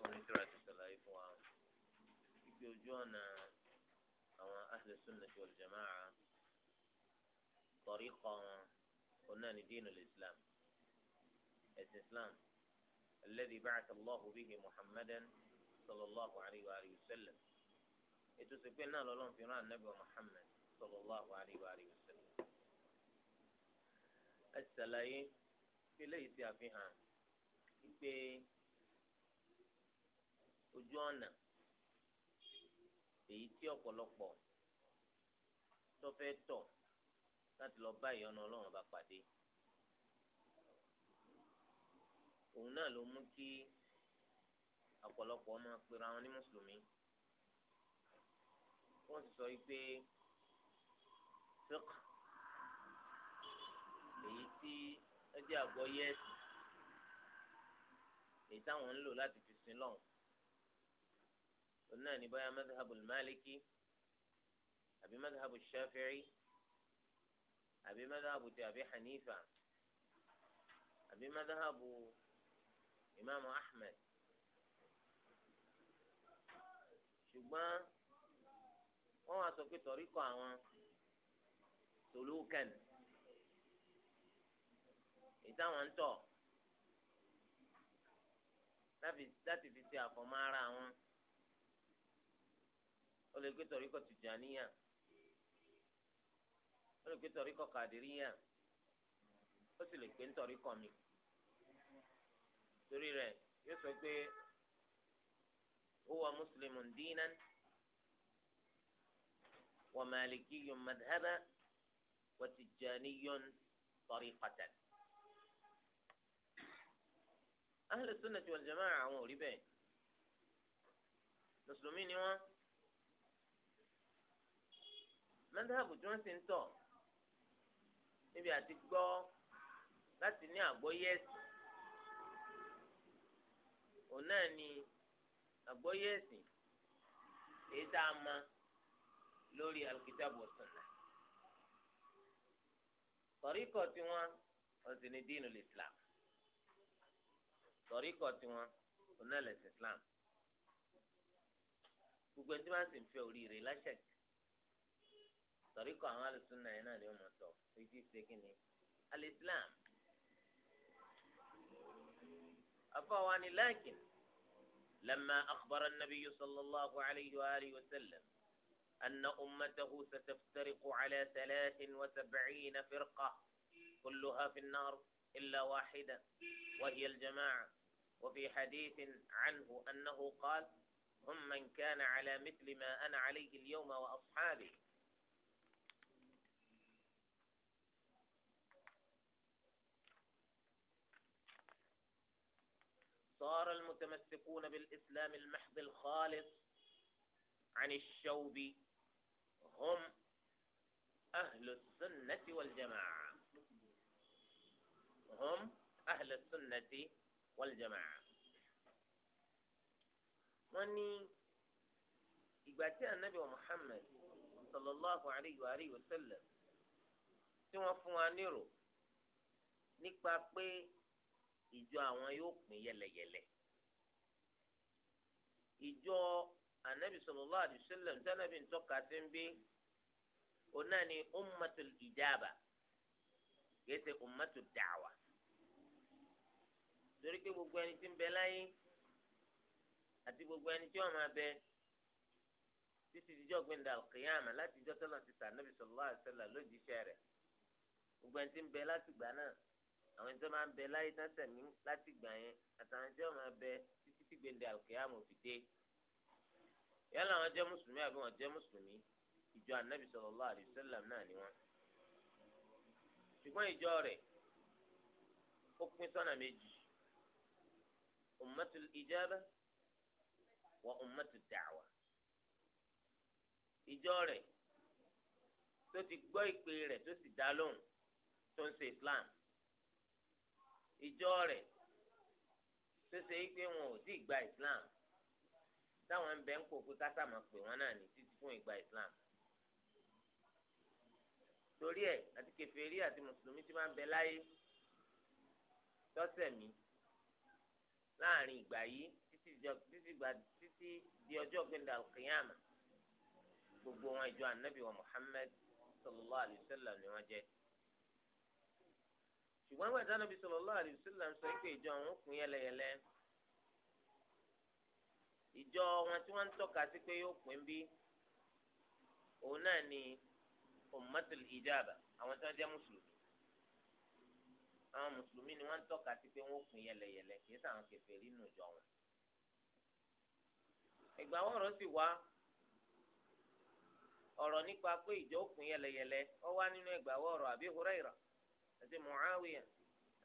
tó ní tíra ti sàlàyé fún wa ìgbé ojú ọ̀nà àwọn ahlu sunnah wal jamaa'ah tariqa wọn ọ̀nà ni dinul islam ẹ̀sìn islam alladhi ba'atha Allahu bihi muhammadan sallallahu alayhi wa alihi wa sallam ètò ìsìnkú náà lọ́lọ́run fi rán ànábì muhammad sallallahu alayhi wa alihi wa sallam ẹ̀sìn sàlàyé fi léyìí ti àfihàn ìgbé. ojú ọ̀nà èyí tí ọ̀pọ̀lọpọ̀ tó fẹ́ tọ̀ láti lọ bá ìyọ́nú ọlọ́run bá pàdé òun náà ló mú kí ọ̀pọ̀lọpọ̀ máa pera wọn ní mùsùlùmí wọ́n sì sọ pé fiqh èyí tí ó jẹ́ àgbọ́yé ẹ̀sìn èyí táwọn ń lò láti fi sin lọ́hùn náà ní báyà madhabu maliki àbí madhabu shafi'i àbí madhabu ti àbí hanifa àbí madhabu imaamu ahmed ṣùgbọ́n wọ́n wá sọ pé tọ̀ríkọ̀ àwọn tòlókàn ìtàwọn ń tọ̀ láti fi ṣe àfọ̀mọ́ ara wọn. ó lè gbé tọ̀ríkọ̀ tìjàníyà ó lè gbé tọ̀ríkọ̀ kàdíríyà ó sì lè gbé tọ̀ríkọ̀ mi torí rẹ̀ yóò sọ pé huwa muslimun dinan wa malikiyun madhaba wa tijjaniyun tariqatan. ahlu sunnati wal jama'a àwọn ò rí bẹ́ẹ̀ mùsùlùmí ni wọ́n. mẹ́tàbù tí wọ́n sì ń tọ̀ níbi àti gbọ́ láti ní àgbọ́yé ẹ̀sìn òun náà ni àgbọ́yé ẹ̀sìn èyí tá a mọ lórí alukitabu ọ̀sánná tọ̀ríkọ̀ tiwọn ọ̀sìn ní dínú l'Islam tọ̀ríkọ̀ tiwọn òun náà lẹ̀sìn Islam gbogbo ẹni tí wọ́n sì ń fẹ́ oríire láṣẹ̀kì. tọ̀ríkọ̀ àwọn السنه هنا náà ni ó mọ̀ sọ fíjì الاسلام kí ni alìsílám afọwani النبي صلى الله عليه واله alayhi wa wa sallam أن أمته ستفترق على ثلاث وسبعين فرقة كلها في النار إلا واحدة وهي الجماعة وفي حديث عنه أنه قال هم من كان على مثل ما أنا عليه اليوم وأصحابي صار المتمسكون بالإسلام المحض الخالص عن الشوب هم أهل السنة والجماعة هم أهل السنة والجماعة وأني إجباتي النبي محمد صلى الله عليه وآله وسلم ثم فوانيرو fún ìjọ àwọn yóò pín yẹlẹyẹlẹ ìjọ anabi sallallahu alaihi wasallam tẹnabi ntọ́ka sí ń bí ọ̀nà ni ummatul ijaba kìí ṣe ummatul da'wa torí pé gbogbo ẹni tí ń bẹ láyé àti gbogbo ẹni tí wọn máa bẹ títí dijọ́ gbẹ̀ndà al-qiyama láti dijọ́ tọ́lọ̀ ti sàn anabi sallallahu alaihi lójijì rẹ̀ gbogbo ẹni tí ń bẹ láti gbà náà àwọn ẹni tó máa ń bẹ láyé tán sẹ̀mí láti gbà yẹn àtàwọn ẹni tó máa bẹ títí tí gbèndé àlùkìyàmù fi dé yálà wọn jẹ́ mùsùlùmí àbí wọn jẹ́ mùsùlùmí ìjọ anabi sallallahu alaihi wasallam náà ni wọn ṣùgbọ́n ìjọ rẹ̀ ó pín sọ́nà méjì ummatul ijaba wa ummatud da'wa ìjọ rẹ̀ tó ti gbọ́ ìpè rẹ̀ tó sì dá lóhùn tó ń ṣe islam ìjọ rẹ̀ tó ṣe é pé wọn ò tí ì gba islam táwọn ń bẹ ń kókó kásàmọ pé wọn náà ní títí fún ìgbà islam torí ẹ̀ àti kèfèrí àti mùsùlùmí ti máa ń bẹ láyé tọ́sẹ̀ mi láàrin ìgbà yìí títí di ọjọ́ gbẹ̀ndà kìyàmà gbogbo wọn ìjọ ànábì wa Muhammad sallallahu alayhi wa ni wọ́n jẹ́. ṣùgbọ́n ìwé ìdáná bíi sallallahu alaihi wasallam sọ pé ìjọ àwọn kún yẹlẹyẹlẹ ìjọ wọn tí wọ́n ń tọ́ka sí pé yóò pín bí òun náà ni ummatul ijaba àwọn tí wọ́n jẹ́ mùsùlùmí àwọn mùsùlùmí ni wọ́n ń tọ́ka sí pé wọ́n kún yẹlẹyẹlẹ kì í sàwọn wọn. ìgbà àti Muawiya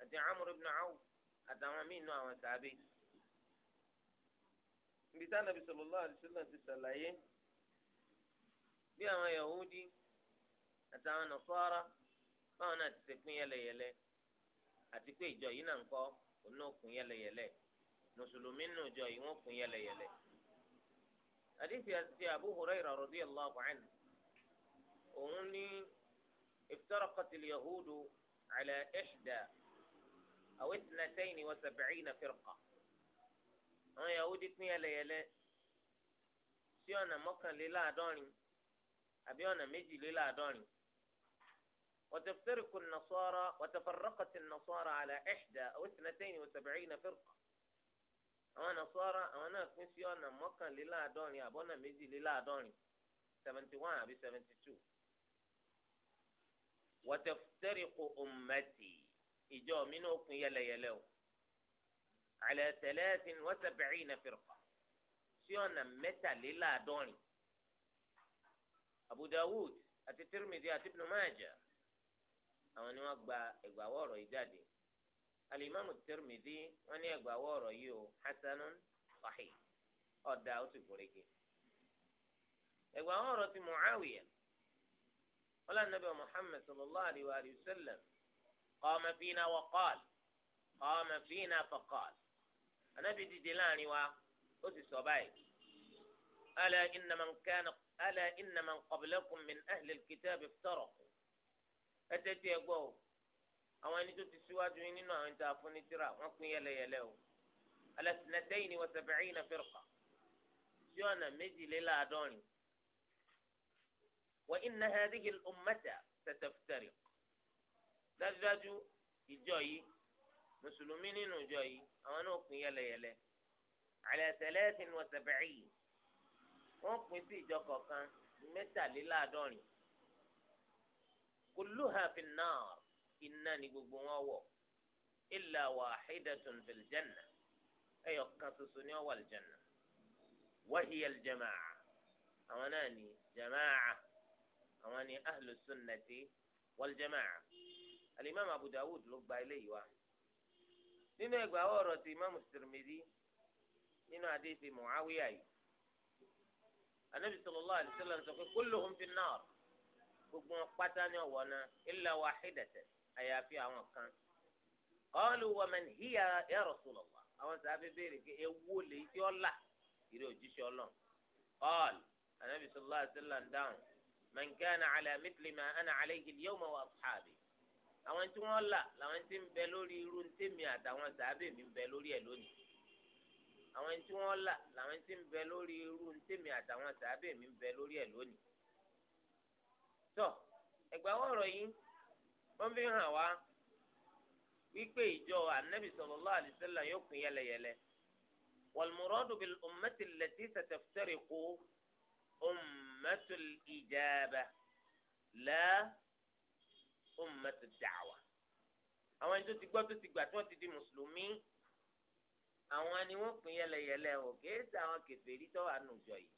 àti Amr ibn Awf àtàwọn míì nù àwọn sàbẹ ibi tá nàbì sallallahu alaihi wasallam ti sàlàyé bí àwọn Yahudi àtàwọn Nasara báwọn náà ti ṣe pín yẹlẹyẹlẹ àti pé ìjọ yìí náà ń kọ òun náà kún yẹlẹyẹlẹ mùsùlùmí nù ìjọ yìí wọn kún yẹlẹyẹlẹ. àdìsí àti Abu Hurairah radiyallahu anhu òun ní iftaraqatil yahudu. على إحدى أو اثنتين وسبعين فرقة أنا يهود اثنين ليلة سيونا مكان للا دوني أبيونا ميجي للا دوني وتفترق النصارى وتفرقت النصارى على إحدى أو اثنتين وسبعين فرقة أنا نصارى أنا في سيونا مكان للا دوني أبونا ميجي للا دوني 71 أبي 72 wataftariqu ummati ìjọ mi náà kún yẹlẹyẹlẹ o ala thalathin wa sab'ina firqa sí ọ̀nà mẹ́tàléláàádọ́rin Abu Dawud àti Tirmidhi àti Ibn Majah àwọn ni wọ́n gba ẹ̀gbàwọ́ ọ̀rọ̀ yìí jáde alimami Tirmidhi wọ́n ní ẹ̀gbàwọ́ ọ̀rọ̀ yìí o hasanun sahih ọ̀dà ó sì kúrẹ́kẹ́ ẹ̀gbàwọ́ ọ̀rọ̀ ti Muawiya. قال النبي محمد صلى الله عليه وآله وسلم قام فينا وقال قام فينا فقال النبي دلاني و أسي ألا إن من كان ألا إن من قبلكم من أهل الكتاب افترقوا أتتي أقوى أو أن تتسوى جوينين أو أن تعفوني ترى وقم يلا يلاو على اثنتين وسبعين فرقة سيونا مجي للا دوني wa inna hadhihi al-ummata sataftariq dájúdájú ìjọ yìí mùsùlùmí nínú ìjọ yìí àwọn náà pín yẹlẹyẹlẹ ala thalathin wa sab'in wọ́n pín sí ìjọ kọ̀ọ̀kan mẹ́tàléláàádọ́rin kulluha fin nar iná ni gbogbo wọn wọ̀ illa wahidatun fil janna ẹyọ kan ṣoṣo ni wọ́n wà lìjànà wa hiya al-jama'a àwọn náà ni jama'a àwọn ni ahlu sunnati wal jamaa alimami abu dawud ló gba eléyìí wa nínú ẹgbàá ọ̀rọ̀ ti imam tirmidhi nínú adéṣe muawiya yìí anabi sallallahu alaihi wasallam sọ pé kulluhum fi nnar gbogbo wọn pátá ní ọwọ náà illa wahidatan àyàfi àwọn kan qalu wa man hiya ya rasulallah àwọn sábẹ béèrè pé ewu lè tí ọ là ìrẹ òjíṣẹ́ Ọlọ́run qaal anabi sallallahu alaihi dáhùn man kana ala mithli ma ana alayhi al-yawma wa ashabi àwọn tí wọ́n là làwọn tí ń bẹ lórí irú tèmi àtàwọn sàábẹ̀ mi ń bẹ lórí ẹ̀ lónìí àwọn tí wọ́n là làwọn tí ń bẹ lórí irú tèmi àtàwọn sàábẹ̀ mi ń bẹ lórí ẹ̀ lónìí. tọ́ ẹ̀gbà ọ̀rọ̀ yìí wọ́n fi hàn wá wípé ìjọ anabi sallallahu alaihi wasallam yóò pín yẹlẹyẹlẹ wal muradu bil ummati allati satafariqu umm ummatul الإجابة لا ummatud الدعوة. àwọn ẹni tó ti gbọ́ tó ti gbà tí wọ́n ti di mùsùlùmí àwọn ni wọ́n pín yẹlẹyẹlẹ o kìí ṣe àwọn kèfèrí tó wà nùjọ yìí.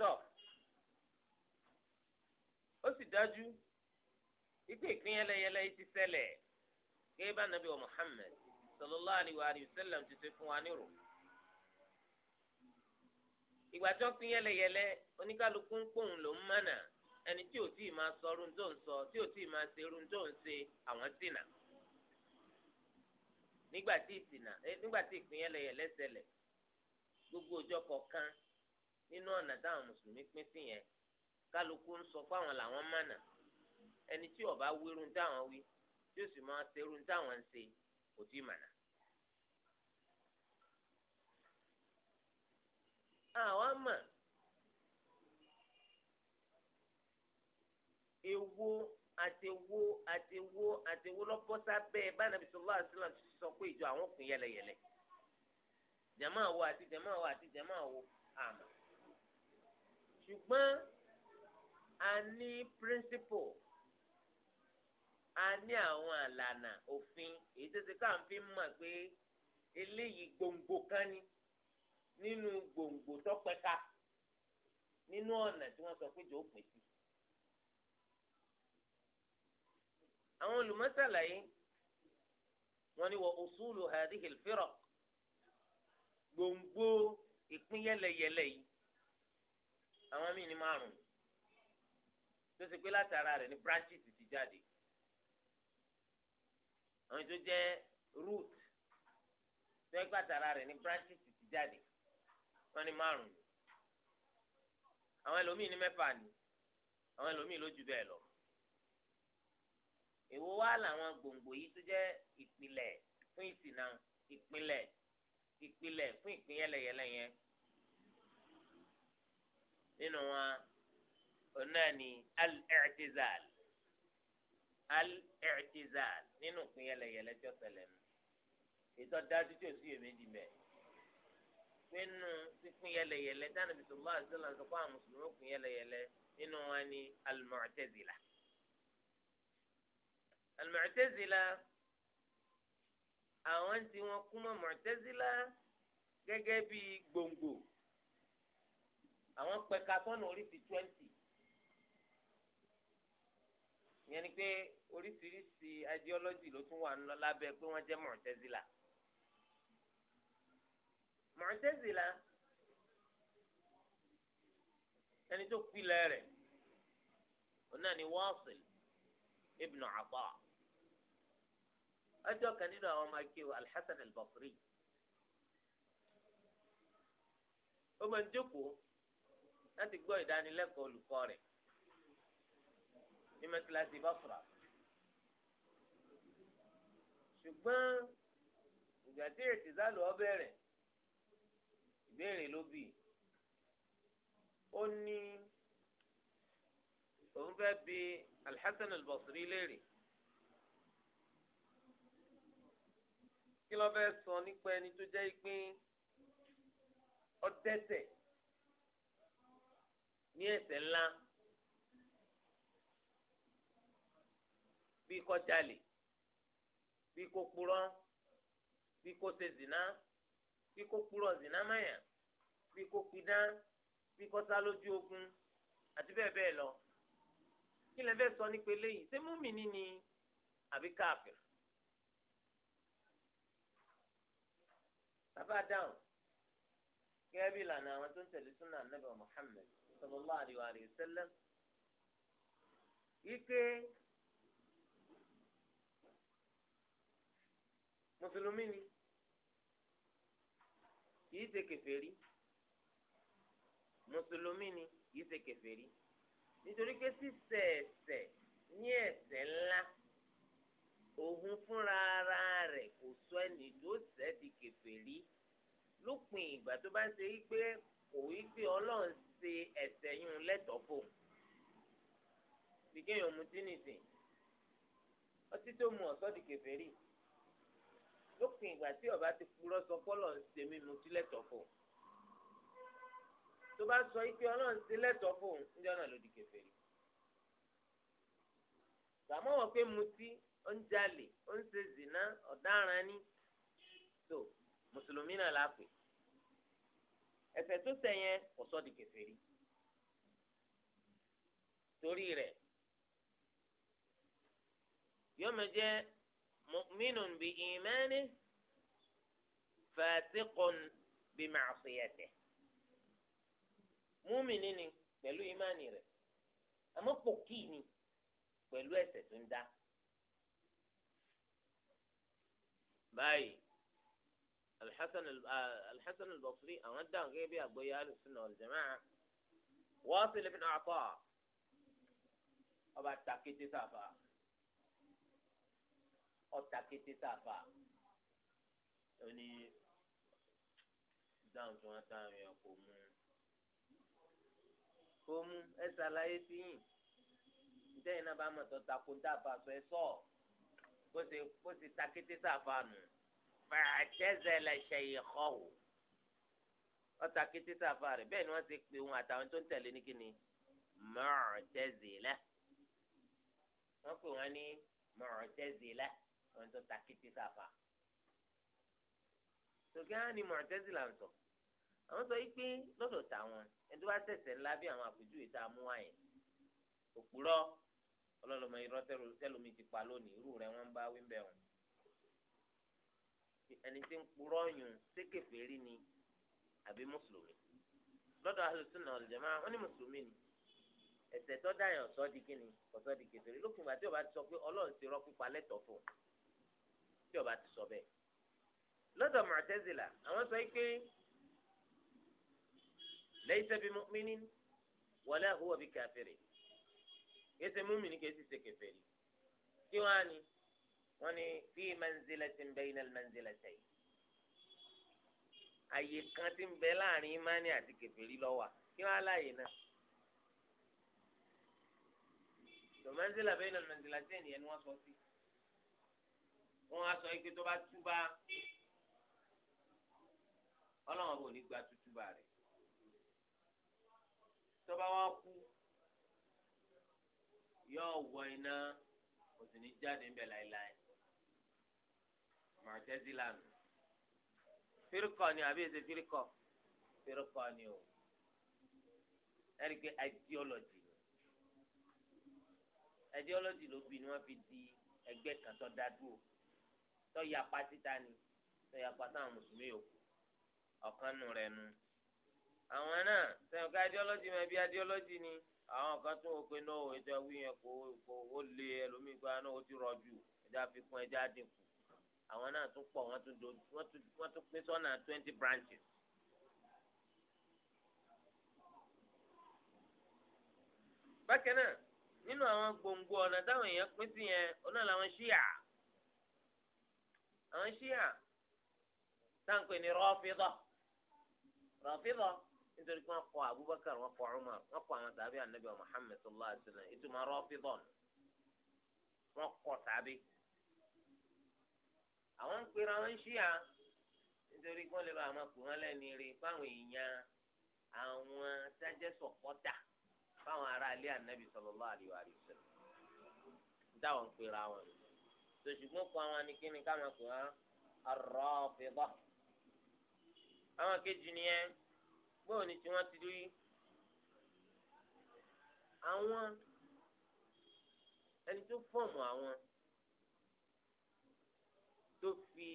tọ́ ó sì dájú ìpè ìpín yẹlẹyẹlẹ yìí ti ṣẹlẹ̀ kí nàbí wa Muhammad sallallahu alaihi wa sallam ti ṣe fún wa nírò. ìgbà tí wọ́n fi yẹlẹyẹlẹ oníkálukú ń pòun ló ń mọ̀nà ẹni tí ò tíì máa sọ irun tó ń sọ tí ò tíì máa ṣe irun tó ń ṣe àwọn ṣìnà nígbà tí ìsìnà eh, nígbà tí ìpín gbogbo ọjọ́ kọ̀ọ̀kan nínú ọ̀nà táwọn mùsùlùmí pín sí yẹn kálukú ń sọ fáwọn làwọn mọ̀nà ẹni tí ó bá wí irun táwọn wí tí ó sì máa ṣe irun táwọn ń ṣe kò tíì mọ̀nà. àwa mà ewo ewo àtẹwo ewo lọ́bọ́sá bẹ́ẹ̀ bánabi sọlá àṣìlá ti sọ pé ìjọ àwọn kún yẹlẹyẹlẹ jama wo àti jama wo àti jama wo àmà ṣùgbọ́n a ní principle a ní àwọn àlànà òfin èyí tó ti ká ń fi mọ̀ pé eléyìí gbòǹgbò kan ni nínú gbòǹgbò tọpẹka nínú ọ̀nà tí wọ́n sọ pé jọ pè sí. àwọn olùmọ̀sálàyé wọ́n ní wọ usulu hadhihi al-firaq gbòǹgbò ìpín yẹlẹyẹlẹ yìí àwọn míì ní márùn tó ṣe pé látara rẹ̀ ní branches ti jáde àwọn tó jẹ́ root tó ẹgbàtara rẹ̀ ní branches ti jáde wọ́n ní márùn àwọn ẹlòmíì ní mẹ́fà ni àwọn ẹlòmíì ló ju bẹ́ẹ̀ lọ èwo wá làwọn gbòǹgbò yìí tó jẹ́ ìpìlẹ̀ fún ìsìnà ìpìlẹ̀ ìpìlẹ̀ fún ìpín yẹlẹyẹlẹ yẹn nínú wọn ọ̀nà ni al-i'tizal al-i'tizal nínú ìpín yẹlẹyẹlẹ tí ó ṣẹlẹ̀ nù ètò dájú tí ò sí èmi dì mẹ́ẹ̀ nínú pípín yẹlẹyẹlẹ dáná bisimilá àdúrà sọ fún àwọn mùsùlùmí pín yẹlẹyẹlẹ nínú wọn ni al-Mu'tazila al-Mu'tazila àwọn tí wọn kú mọ́ Mu'tazila gẹ́gẹ́ bí gbòǹgbò àwọn pẹ̀ka sọ́nà oríṣi twenty ìyẹn ni pé oríṣiríṣi ideology ló tún wà lábẹ́ pé wọ́n jẹ́ Mu'tazila. Mu'tazila ẹni tó pilẹ̀ rẹ̀ ọ̀nà ni Wasil ibn Ata ọjọ́ kan nínú àwọn ọmọ akéwà Al-Hasan Al-Basri ó máa ń jókòó láti gbọ́ ìdánilẹ́kọ̀ọ́ olùkọ́ rẹ̀ ní mẹ́tíláṣí Basra ṣùgbọ́n ìgbà tí ètìzálù ọ bẹ̀rẹ̀ ìbéèrè ló bì ó ní òun fẹ́ bi alḥasan albasri léèrè kí ló fẹ́ sọ nípa ẹni tó jẹ́ ìpín ọ̀dẹ́ṣẹ̀ ní ẹ̀ṣẹ̀ ńlá bí kó bí kó purọ́ bí kó ṣe zina bí kó purọ́ zina máyà bí kò pidán bí kò sá lójú ogun àti bẹ́ẹ̀ bẹ́ẹ̀ lọ kí lè fẹ́ sọ nípa eléyìí ṣé múmìnì ni àbí káàfìrì. bàbá dáhùn gẹ́gẹ́ bí ìlànà àwọn tó ń tẹ̀lé súnà nàbẹ̀ Muhammad sallallahu alaihi wa sallam wípé mùsùlùmí ni kì í ṣe kèfèrí mùsùlùmí ni kì í ṣe kèfèrí nítorí pé ṣíṣe ẹ̀ṣẹ̀ ní ẹ̀ṣẹ̀ ńlá òun fúnra ara rẹ̀ kò sọ ẹni tó ṣẹ̀ di kèfèrí lópin ìgbà tó bá ṣe wípé kò wípé Ọlọ́run ṣe ẹ̀ṣẹ̀ yún lẹ́tọ̀ọ́ fò sìgá èèyàn mutí nìsín ọtí tó mu ọ̀sọ́ di kèfèrí lópin ìgbà tí ọba ti purọ́ sọ pé Ọlọ́run ṣe mímu tí lẹ́tọ̀ọ́ fò tó bá sọ ipe ọlọ́run ti lẹ́tọ̀ọ́ fóun níjọ́ náà ló di kèfèrí. gbàmọ́ wọ pé mutí ó ń jalè ó ń ṣe zìnà ọ̀daràn ni tó mùsùlùmí náà la pè tó ṣẹ̀ yẹn kò sọ di kèfèrí. torí rẹ̀ yọmọ jẹ́ mu'minun bi imani fasiqun bi ma'siyatihi múmìnì ni pẹ̀lú ìmánì rẹ̀ àmọ́ pòkì ni pẹ̀lú ẹ̀ṣẹ̀ tó ń dá. báyìí alḥasan ah, albasri àwọn dáhùn gẹ́gẹ́ bí àgbóyè alùsùnà ọ̀lùjẹ̀máà wọ́n sì lè fi náà kọ́ ọba takété sáfà ọta sáfà ó ní dáhùn tí wọ́n dáhùn yẹn kò mú kó mú ẹ ṣàlàyé sí yìn ìtẹ́yìn náà bá mọ̀ tó takò dábàá sọ ẹ sọ kó ṣe kó ṣe takété sàfàánù fàtẹ́zẹ̀lẹ̀ ṣẹ̀yìn kọ́wò ọ̀tà kété sàfà rẹ̀ bẹ́ẹ̀ ni wọ́n ti pè wọn àtàwọn tó ń tẹ̀lé ní kíni mọ̀ọ́tẹ́zẹ̀lẹ̀ wọ́n pè wọ́n ní mọ̀ọ́tẹ́zẹ̀lẹ̀ wọ́n tó ta kété sàfà. tòkí á ní mọ̀ọ́tẹ́zẹ̀lẹ̀ ń sọ̀rọ̀ àwọn sọ yìí pé lọ́dọ̀ tàwọn ẹni tó bá ṣẹ̀ṣẹ̀ ńlá bí àwọn àpèjúwe tá a mú wáyé òpùrọ́ ọlọ́lọ́mọ irọ́ tẹ́lómi ti pa lónìí irú rẹ̀ wọ́n ń bá wíńbẹ̀ wọn. ẹni tí ń purọ́ yùn ṣé kèfèrí ni àbí mùsùlùmí lọ́dọ̀ ahlùsùnà ọ̀lùjẹ̀mọ́ wọn ní mùsùlùmí ni ẹ̀ṣẹ̀ tó dáyàn ọ̀sọ́ di kíni ọ̀sọ́ di kèfèrí lókùn ìgbà tí ó bá ti sọ pé ọlọ́run ti rọ́ pípa lẹ́tọ̀ fún tí ó ti sọ bẹ́ẹ̀ lọ́dọ̀ Mu'tazila àwọn sọ pé laysa bi mu'minin wala huwa bi kafirin kese mumini kese se kèfèrí kí wọn á ní wọn ní fi manzilatin bayna al-manzilatayn àyè kan tí ń bẹ láàrin imani àti kèfèrí ló wà kí wọn á láàyè náà manzila bayna al-manzilatayn ni wọn sọ sí wọn á sọ ike tó bá túbà Ọlọ́run ò ní gba tútúbà rẹ tọ́ba wọn kú yóò wọ iná kò sì ní jáde ńbẹ láéláé mọ̀tẹ́sílánù fírikọ ni àbí èsè fírikọ fírikọ ni o ẹ̀rí pé ideology ideology ló bí ni wọ́n fi di ẹgbẹ́ kan tó dá dúró tó yapa síta ni tó yapa sáwọn mùsùlùmí yòókù ọ̀kan nù rẹ̀ nù àwọn náà sẹ́yìn ká ideology mọ ibi ideology ni àwọn kan tún wò pé náà ètò ẹ̀wí yẹn kò kò ó lé ẹlòmíì gba náà ó ti rọ̀jù ẹja fikún ẹja dínkù àwọn náà tún pọ̀ wọ́n tún do wọ́n tún wọ́n tún pín sọ́nà twenty branches. bákan náà nínú àwọn gbòǹgbò ọ̀nà táwọn èèyàn pín sí yẹn ọ̀nà làwọn ṣíà àwọn ṣíà táǹkì ní rọ́fídọ̀ rọ́fídọ̀. nítorí pé wọ́n kọ Abubakar wọ́n kọ Umar wọ́n kọ àwọn anabi sallallahu alaihi wa sallam ìtumọ̀ Rafidun wọ́n kọ sàbí. àwọn ń pera wọn ṣíà nítorí pé wọ́n lè ba àwọn ọkùnrin lẹ́ni rí fáwọn èèyàn àwọn sájẹ́ sọ̀kọ́tà fáwọn ará ilé anabi sallallahu alaihi wa sallam dáwọn ń pera wọn kọ àwọn anìkíni káwọn àwọn kejì nìyẹn. bóò ni tí wọ́n ti rí àwọn ẹni tó fọ́ọ̀mù àwọn tó fi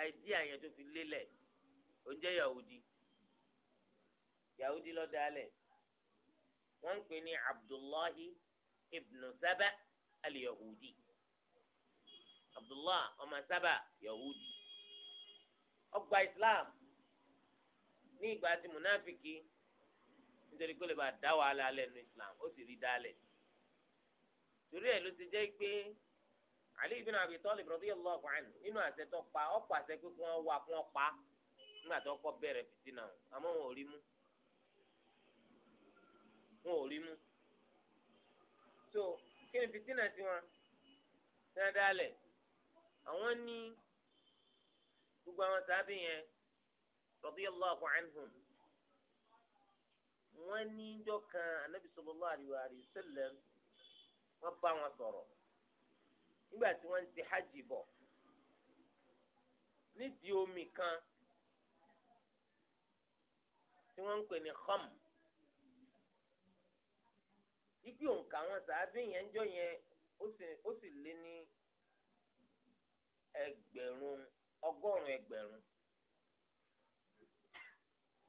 àìdíà yẹn tó fi lélẹ̀ ó jẹ́ Yahudi Yahudi ló dálẹ̀ wọ́n ń pè ní Abdullahi ibn Saba al-Yahudi Abdullah ọmọ Saba Yahudi ó Islam ní ìgbà tí munafiki nítorí kó lè bá dá wàhálà lẹ́nu islam ó sì rí dálẹ̀ torí ẹ̀ ló ti jẹ́ pé ali ibn abi talib radiyallahu anhu nínú àṣẹ tó pa ọ pàṣẹ pé kí wọ́n wá kí wọ́n pa nígbà tó kọ́ bẹ̀rẹ̀ fìtínà àmọ́ wọn ò rí mú wọn ò rí mú so kí ni fìtínà sí wọn dáadáa lẹ̀ àwọn ní gbogbo àwọn sábẹ́ yẹn. radiyallahu anhum wọ́n ní ìjọ kan anabi sallallahu alaihi wa sallam wọn bá wọn sọrọ nígbà tí wọn ti hajj bọ̀ nídìí omi kan tí wọ́n ń pè ní kham ipi òǹkà wọn sàábì yẹn ń jọ yẹn ó sì lé ní ẹgbẹ̀rún ọgọ́rùn-ún ẹgbẹ̀rún.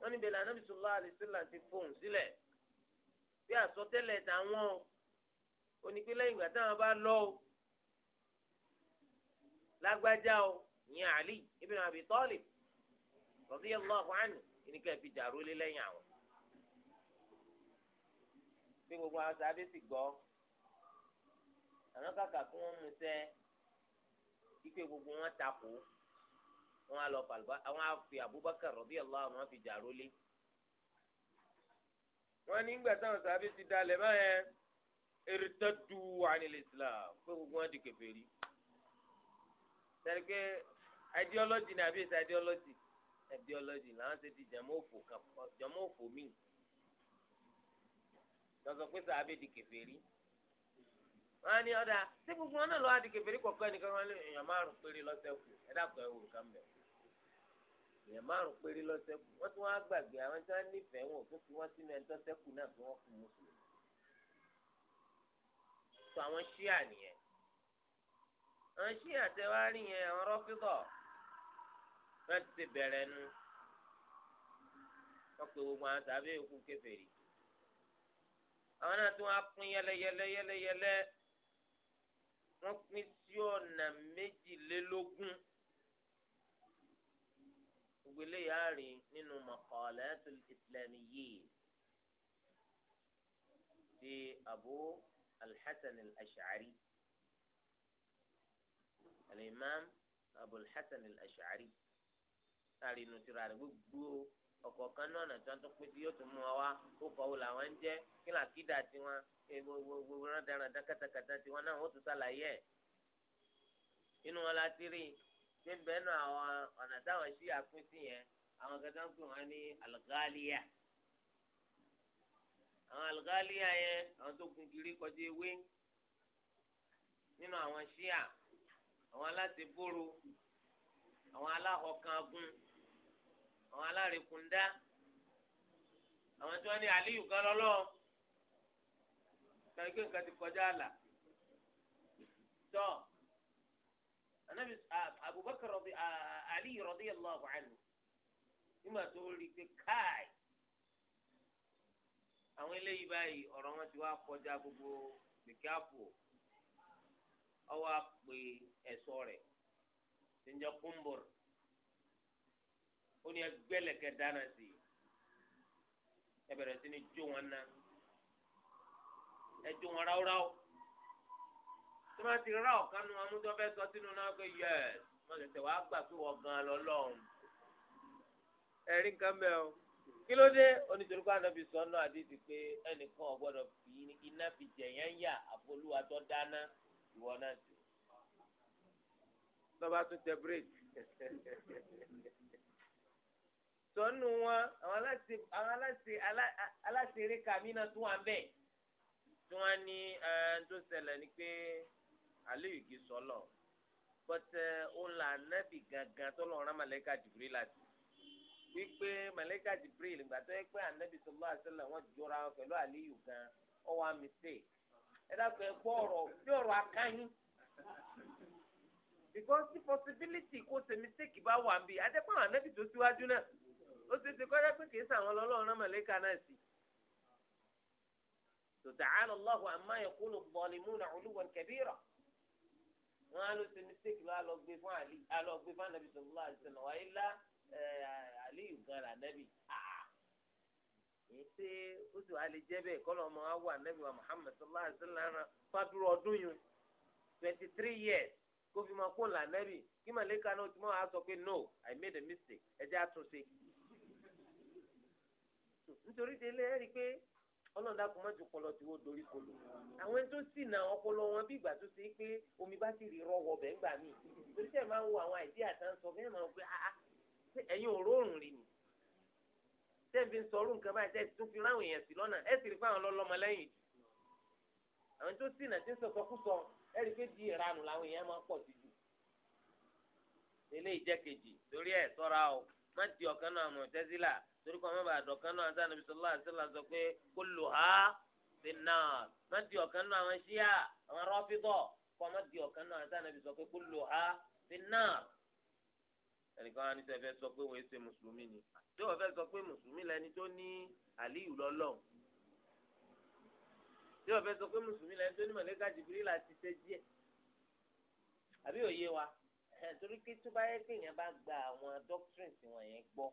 wọ́n níbẹ̀ lànà bisimilá àlẹ́sílà ti fòun sílẹ̀ bí àsọtẹ́lẹ̀ táwọn onípínlẹ̀ ìgbà táwọn bá lọ o lágbájá o ìyẹn àlì ibn Abi Talib radiyallahu anhu ìníkà ìfi dàrú lé lẹ́yìn àwọn. bí gbogbo àwọn sábẹ́ sì gbọ́ àwọn kàkà kí wọ́n mú sẹ́ ikú gbogbo wọn takò wọn á lọ fàlùbá àwọn á fi Abubakar rọbí ọlọ àwọn fi jàró lé wọn nígbà táwọn sábẹ ti dalẹ̀ báyẹn eritadu anil Islam pé gbogbo wọn di kèfèrí sẹni pé ideology ni àbí èsì ideology ideology làwọn ṣe di jẹmọọfò kan jẹmọọfò míì lọsọ pé sábẹ di kèfèrí wọn á ní ọ̀dà tí gbogbo wọn náà lọ́wọ́ àdìgẹ́ fèrè kọ̀ọ̀kan nìkan wọn lé èèyàn márùn péré lọ́sẹ̀ kù ẹ dàpọ̀ ẹ wòlùkà ń bẹ̀. èèyàn márùn péré lọ́sẹ̀ kù wọ́n tún wá gbàgbé àwọn tí wọ́n nífẹ̀ẹ́ wọn tó fi wọ́n sínú ẹni tọ́sẹ̀ kù náà fi wọ́n fún mùsùlùmí. sọ àwọn ṣíà nìyẹn àwọn ṣíà tẹ wá rí yẹn àwọn rọ́fíkọ̀ wọ́n ti bẹ̀rẹ̀ nu wọ́n pe gbogbo àwọn tàbí èkú kèfèrí àwọn náà tún wá pín yẹlẹyẹlẹyẹlẹyẹlẹ wọ́n pín sí ọ̀nà méjìlélógún gbogbo eléyìí á rí nínú maqalatul yìí ti abu alḥasan al-ash'ari al-imam abu alḥasan al-ash'ari á rí inú tírà rẹ̀ gbogbo. ọ̀kọ̀ọ̀kan náà nà tí wọ́n tún pé sí yóò tún mú wọn wá ó kọ̀ wò làwọn ń jẹ́ kí làkídà tiwọn gbogbo rán daràdá kàtàkàtà tiwọn náà wọ́n tún sàlàyé ẹ̀. inú wọn la ti rí i ṣé ń bẹ́ẹ̀ náà àwọn ọ̀nà táwọn ṣí àpín sí yẹn àwọn kan tó ń pè wọ́n ní algalia. àwọn algalia yẹn àwọn tó gun kiri kọjá ewé nínú àwọn ṣíà àwọn aláṣẹ bóró àwọn aláhọ̀kan gún àwọn alárekùndá àwọn tí wọ́n ní aliyu kan lọ́lọ́ kàgbé nǹkan ti kọjá àlà tọ́ anabi abubakar rọbi aliyu radiyallahu anhu nígbà tó rí i pé káì àwọn eléyìí báyìí ọ̀rọ̀ wọn ti wá kọjá gbogbo bìkẹ́àpù ọwọ́ àpè ẹ̀sọ́ rẹ̀ ṣe ń jẹ́ kúmbùrù ó ní ẹgbẹ́lẹ̀kẹ́ dáná sí i ẹ bẹ̀rẹ̀ sí ní jó wọn ná ẹ jó wọn ráúráú tí wọ́n ti rá ọ̀kan nu amúdọ́fẹ́ sọ sínú náà pé yẹ́s wọ́n lè tẹ̀ wá gbà pé wọ́n gan lọ́lọ́run ẹ̀rí nǹkan bẹ́ẹ̀ o kí ló dé onítorí pé ànábì sọ náà àdéhùn pé ẹnìkan ò gbọ́dọ̀ fi iná fi jẹ̀yán yà àfolúwa tó dáná ìwọ náà sí lọ́ba tún tẹ bírèkì. sọnù wọn àwọn aláṣẹ àwọn aláṣẹ aláṣẹ eré kàmí náà tún wà bẹ́ẹ̀ tí wọ́n ní tó ṣẹlẹ̀ ni pé aliyu kì í sọlọ pọtẹ ọlà nẹbi gangan tó lọ rán màlẹka jìbìrì láti wípé màlẹka jìbìrì ìgbà tó yẹ pé anabi sọlọ àṣẹlẹ wọ́n jọra pẹ̀lú aliyu gan ọwọ àmìṣe ẹ dákun ẹ gbọ́ ọ̀rọ̀ bí ọ̀rọ̀ akáyín because the possibility kó ṣe mistake bá wà bí adẹ́pọ̀ àwọn anabi tó síwájú náà. ó ti ti kọjá pé kìí sàwọn lọ́lọ́run náà mọ̀lẹ́ka náà sí. ta'ala Allahu amma yaqulu adh-dhalimuna 'uluwan na wọn á lọ sí mistake lọ àlọ fún àlì àlọ fún ànàbì sallallahu alaihi wáyé lá wa wà wa Muhammad sallallahu alaihi wasallam fàdúrà ọdún yìí twenty years kó fi máa kó kí náà ti sọ made a mistake àtúnṣe. nítorí délé ẹ rí i pé ọlọ́run dákun má ju ọpọlọ tí wọ́n dorí kolo àwọn ẹni tó sì na ọpọlọ wọn bí ìgbà tó ṣe é pé omi bá ti rí rọwọ bẹ́ẹ̀ ń gbà mí torí sẹ́ẹ̀ máa ń wo àwọn àìdí àtàǹsọ bẹ́ẹ̀ máa ń pẹ́ ah, ah ẹ̀yin ò róòrùn rí ni sẹ́ẹ̀ fi ń sọ ọrùn kan báyìí sẹ́ẹ̀ tún fi ráwọn èèyàn sí lọ́nà ẹ̀ sì rí fáwọn ọlọ́mọ lẹ́yìn àwọn tó sì nà ti ń sọ̀sọ̀kúsọ ẹ̀ rí pé di ìranù làwọn èèyàn máa pọ̀ sí jù eléyìí jẹ́ kejì torí ẹ̀ sọ́ra o má di ọ̀kan náà mọ̀ tẹ́sílà torí kọ́ mẹ́bàá dọ̀kan náà àti ànàbì sọlá àṣẹlá sọ pé kó lò á fi náà má di ọ̀kan náà àwọn ṣíà àwọn rọ́fídọ̀ kọ́ má di ọ̀kan náà àti ànàbì sọ pé kó lò á fi náà. ẹnìkan á ní sẹ fẹ́ sọ pé wọ́n ṣe mùsùlùmí ni tí wọ́n fẹ́ sọ pé mùsùlùmí lẹni tó ní àlíyù lọ́lọ́run tí wọ́n fẹ́ sọ pé mùsùlùmí lẹni tó ní mọ̀lẹ́kà jìbìrì láti ṣe díẹ̀ àbí òye wa torí pé tó bá yẹ kéèyàn bá gba àwọn doctrines wọn gbọ́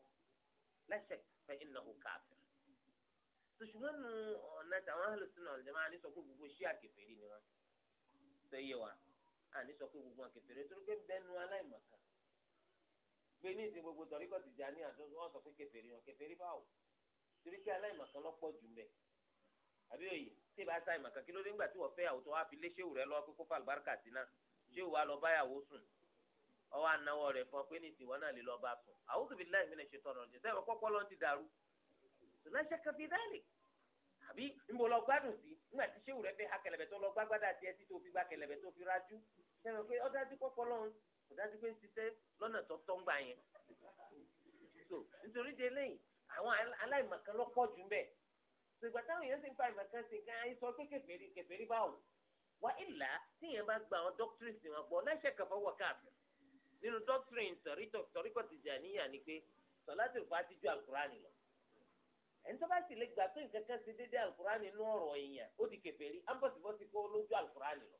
lẹ́sẹ̀ fẹ́ iná o káfẹ́. sùṣùgbọ́n nu ọ̀nà táwọn alùsùn náà jẹ́ máa ní sọ pé gbogbo ṣí àkèfèrí ni wọ́n sọ yé wa à ní sọ pé gbogbo àkèfèrí torí pé bẹ́ẹ̀ nu aláìmọ̀kan gbé ní ìsìn gbogbo tọ̀ríkọ̀ tìjà ní àtúntò wọ́n sọ pé kèfèrí wọn kèfèrí báwo torí pé aláìmọ̀kan lọ́pọ̀ jù mbẹ́ àbí òye tí ìbá sáì kí ló dé ńgbà tí wọ́n fẹ́ àwòtọ́ wá fi lé ṣéwù lọ́wọ́ pé kó fà lùbáríkà sí náà ṣéwù wa lọ báyàwó sùn ọwọ́ anáwó rẹ̀ fún ọ pé ní ìsìnwọ́n náà lè lọ bá sùn a'udhu billahi minash shaitonir rajim sẹ́wọ̀n kọ́kọ́ lọ́n ti dàrú la shakka fi dhalik àbí nbọ lọ gbádùn sí nígbà tí sẹ́wù rẹ̀ fẹ́ ha kẹlẹ̀bẹ̀ tó lọ gbàgbádà tiẹ̀ tí tó fi gbà kẹlẹ̀bẹ̀ tó fi rájú sẹ́wọ̀n pé ọ̀dájú kọ́kọ́ lọ́n ọ̀dájú pé ń ṣiṣẹ́ lọ́nà tọ́tọ́ ńgbà yẹn so nítorí de lẹ́yìn àwọn aláìmọ̀kan ló pọ̀ jù ń bẹ̀ so ìgbà táwọn èèyàn ti ń fa ìmọ̀kan sí gan ayé sọ pé kèfèrí kèfèrí báwò wá ìlà tíyẹn bá gba àwọn doctrines wọn gbọ́ láìsẹ̀ kẹfọ́ wọ̀ káàkiri nínú doctrine tọ̀ríkọ̀ Tìjàníyà ni pé sọ̀láṣì òfò àti ju alukurani lọ ẹni tó bá sì lè gbà pé nǹkan kan ṣe déédéé alukurani nú ọ̀rọ̀ èèyàn ó di kèfèrí ambọ̀sibọ́sí kó lójú alukurani lọ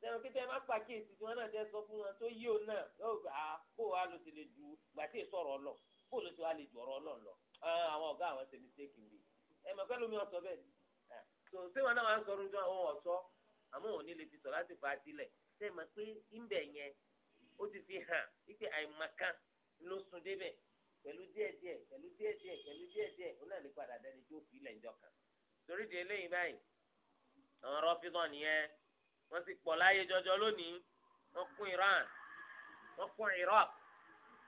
sẹ́wọ̀n kí tẹ́ ẹ má pàkíyèsí tí wọ́n náà jẹ́ sọ fún wọn tó yí o náà yóò gbà á kó o á lọ sí lè ju gbàtí èso lọ kó o lọ sí wa lè ju ọ̀rọ̀ lọ lọ àwọn ọ̀gá àwọn ṣe mistake mi ẹ mọ̀ pẹ́lú mi ọ̀sọ́ bẹ́ẹ̀ so sẹ́wọ̀n náà wà ń sọ ọdún jọ àwọn ọ̀sọ́ àmọ́ òní lè ti sọ láti fà á sẹ́wọ̀n pé ń bẹ̀ yẹn ó ti fi hàn wípé àìmọ̀kan ló sùn débẹ̀ pẹ̀lú díẹ̀díẹ̀ pẹ̀lú díẹ̀díẹ̀ pẹ̀lú díẹ̀díẹ̀ ó náà lè padà dẹni tó fi ilẹ̀ ìjọ kan torí di eléyìí báyìí àwọn rọ́fíìsàn nìyẹn wọ́n ti pọ̀ láyé jọjọ lónìí wọ́n kún Iran wọ́n kún Iraq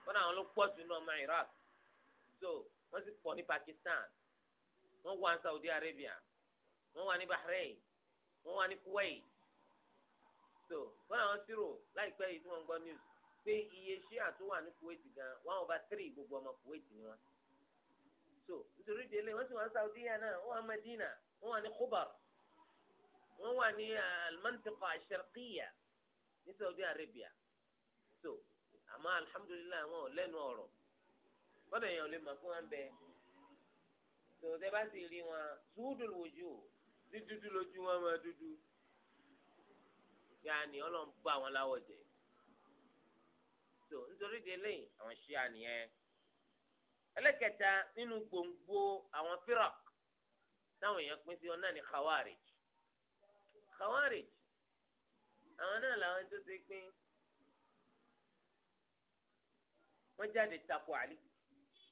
wọ́n náà ló pọ̀ jù náà ọmọ Iraq so wọ́n ti pọ̀ ní Pakistan wọ́n wà ní Saudi Arabia wọ́n wà ní Bahrain wọ́n wà ní Kuwait so wọn àwọn tírò láìpẹ́ yìí tí wọ́n ń news pé iye ṣíà tó wà ní kuwait gan one over three gbogbo ọmọ kuwait ni wọn so nítorí délé wọ́n sì wà ní saudiya náà wọ́n wà medina wọ́n wà ní kubar wọ́n wà ní uh, almantiqa sharqiya ní saudi arabia so àmọ́ alhamdulilayi wọn ò lẹ́nu ọ̀rọ̀ gbọ́dọ̀ èèyàn lè mọ̀ fún wọn bẹ́ẹ̀ tòun tẹ́ bá sì rí wọn sùúdù lójú dídúdú lójú wọn máa dúdú yaani ọlọ́run bá àwọn láwọ̀ jẹ so nítorí de lẹ́yìn àwọn ṣíà nìyẹn ẹlẹ́kẹta nínú gbòǹgbò àwọn firak táwọn èèyàn pín sí ọ náà ní khawarij khawarij àwọn náà làwọn tó ti pín wọ́n jáde takò àlí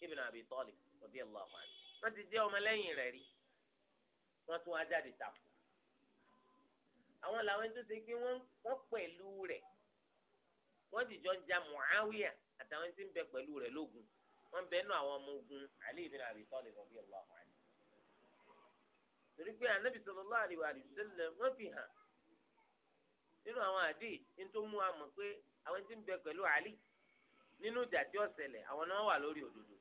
ibn abi talib radiyallahu anhu wọ́n ti jẹ́ ọmọlẹ́yìn rẹ̀ rí wọ́n tún wá jáde takò àwọn làwọn tó ṣe pé wọ́n pẹ̀lú rẹ̀ wọ́n ti jọ ja Muawiya àtàwọn tí ń bẹ pẹ̀lú rẹ̀ lógun wọ́n bẹ nù àwọn ọmọ ogun Ali ibn Abi Talib radiyallahu anhu. torí pé anabi sallallahu alaihi wa sallam wọ́n fi hàn nínú àwọn àdé ní tó mú wa mọ̀ pé àwọn tí ń bẹ pẹ̀lú Ali nínú ìjà tí ó ṣẹlẹ̀ àwọn náà wà lórí òdodo.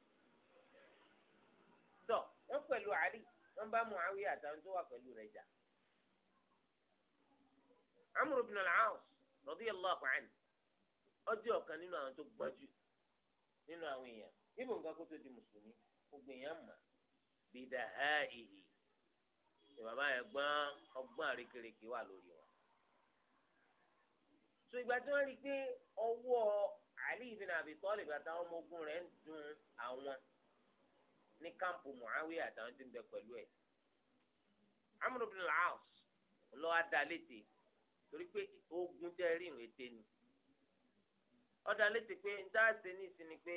tọ́ wọ́n pẹ̀lú Ali wọ́n bá Muawiya àtàwọn tó wà pẹ̀lú rẹ̀ jà amúrò bin al-aas radiyallahu anhu ọjọ́ ọ̀kan nínú àwọn tó gbọ́jú nínú àwọn èèyàn ibò nǹkan kó tó di mùsùlùmí gbogbo èèyàn mà bìdà ha ìhì ni bàbá yẹn gbọ́n ọgbọ́n àrékèrèké wà lórí wọn. so ìgbà tí wọ́n rí i pé ọwọ́ Ali ibn Abi Talib àtàwọn ọmọ ogun rẹ̀ ń dun àwọn ní kámpù Muawiya àtàwọn tí ń bẹ pẹ̀lú ẹ̀. Amr ibn al-As lọ́wọ́ adá létè torí pé ogun tẹ́ rí ìrìn ète ni ọ̀dà létí pé ń dá àṣẹ ní ìsinmi pé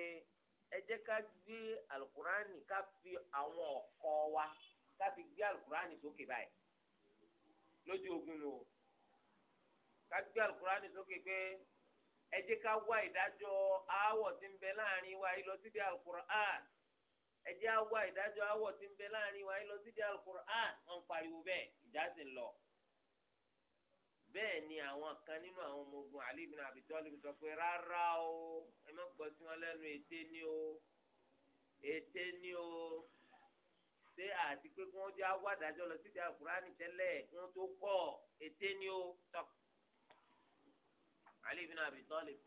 ẹ jẹ́ ká gbé alukurani ká fi àwọn ọ̀kọ́ wa ká fi gbé alukurani sókè báyìí lójú ogun ni o ká gbé alukurani sókè pé ẹ jẹ́ ká wá ìdájọ́ aáwọ̀ tí ń bẹ láàrin wa yìí lọ síbi alukur'an ẹ jẹ́ á wá ìdájọ́ aáwọ̀ tí ń bẹ láàrin wa yìí lọ síbi alukur'an wọ́n ń pariwo bẹ́ẹ̀ ìjà ń lọ bẹ́ẹ̀ ni àwọn kan nínú àwọn ọmọ ogun Ali ibn Abi Talib sọ pé rárá o ẹ má gbọ́ sí wọn lẹ́nu ète ni o ète ni o ṣé àti pé kí wọ́n jẹ́ awádàájọ́ lọ síbi àkùránì tẹ́lẹ̀ kí wọ́n tó kọ́ ète ni o tọ́ Ali ibn Abi Talib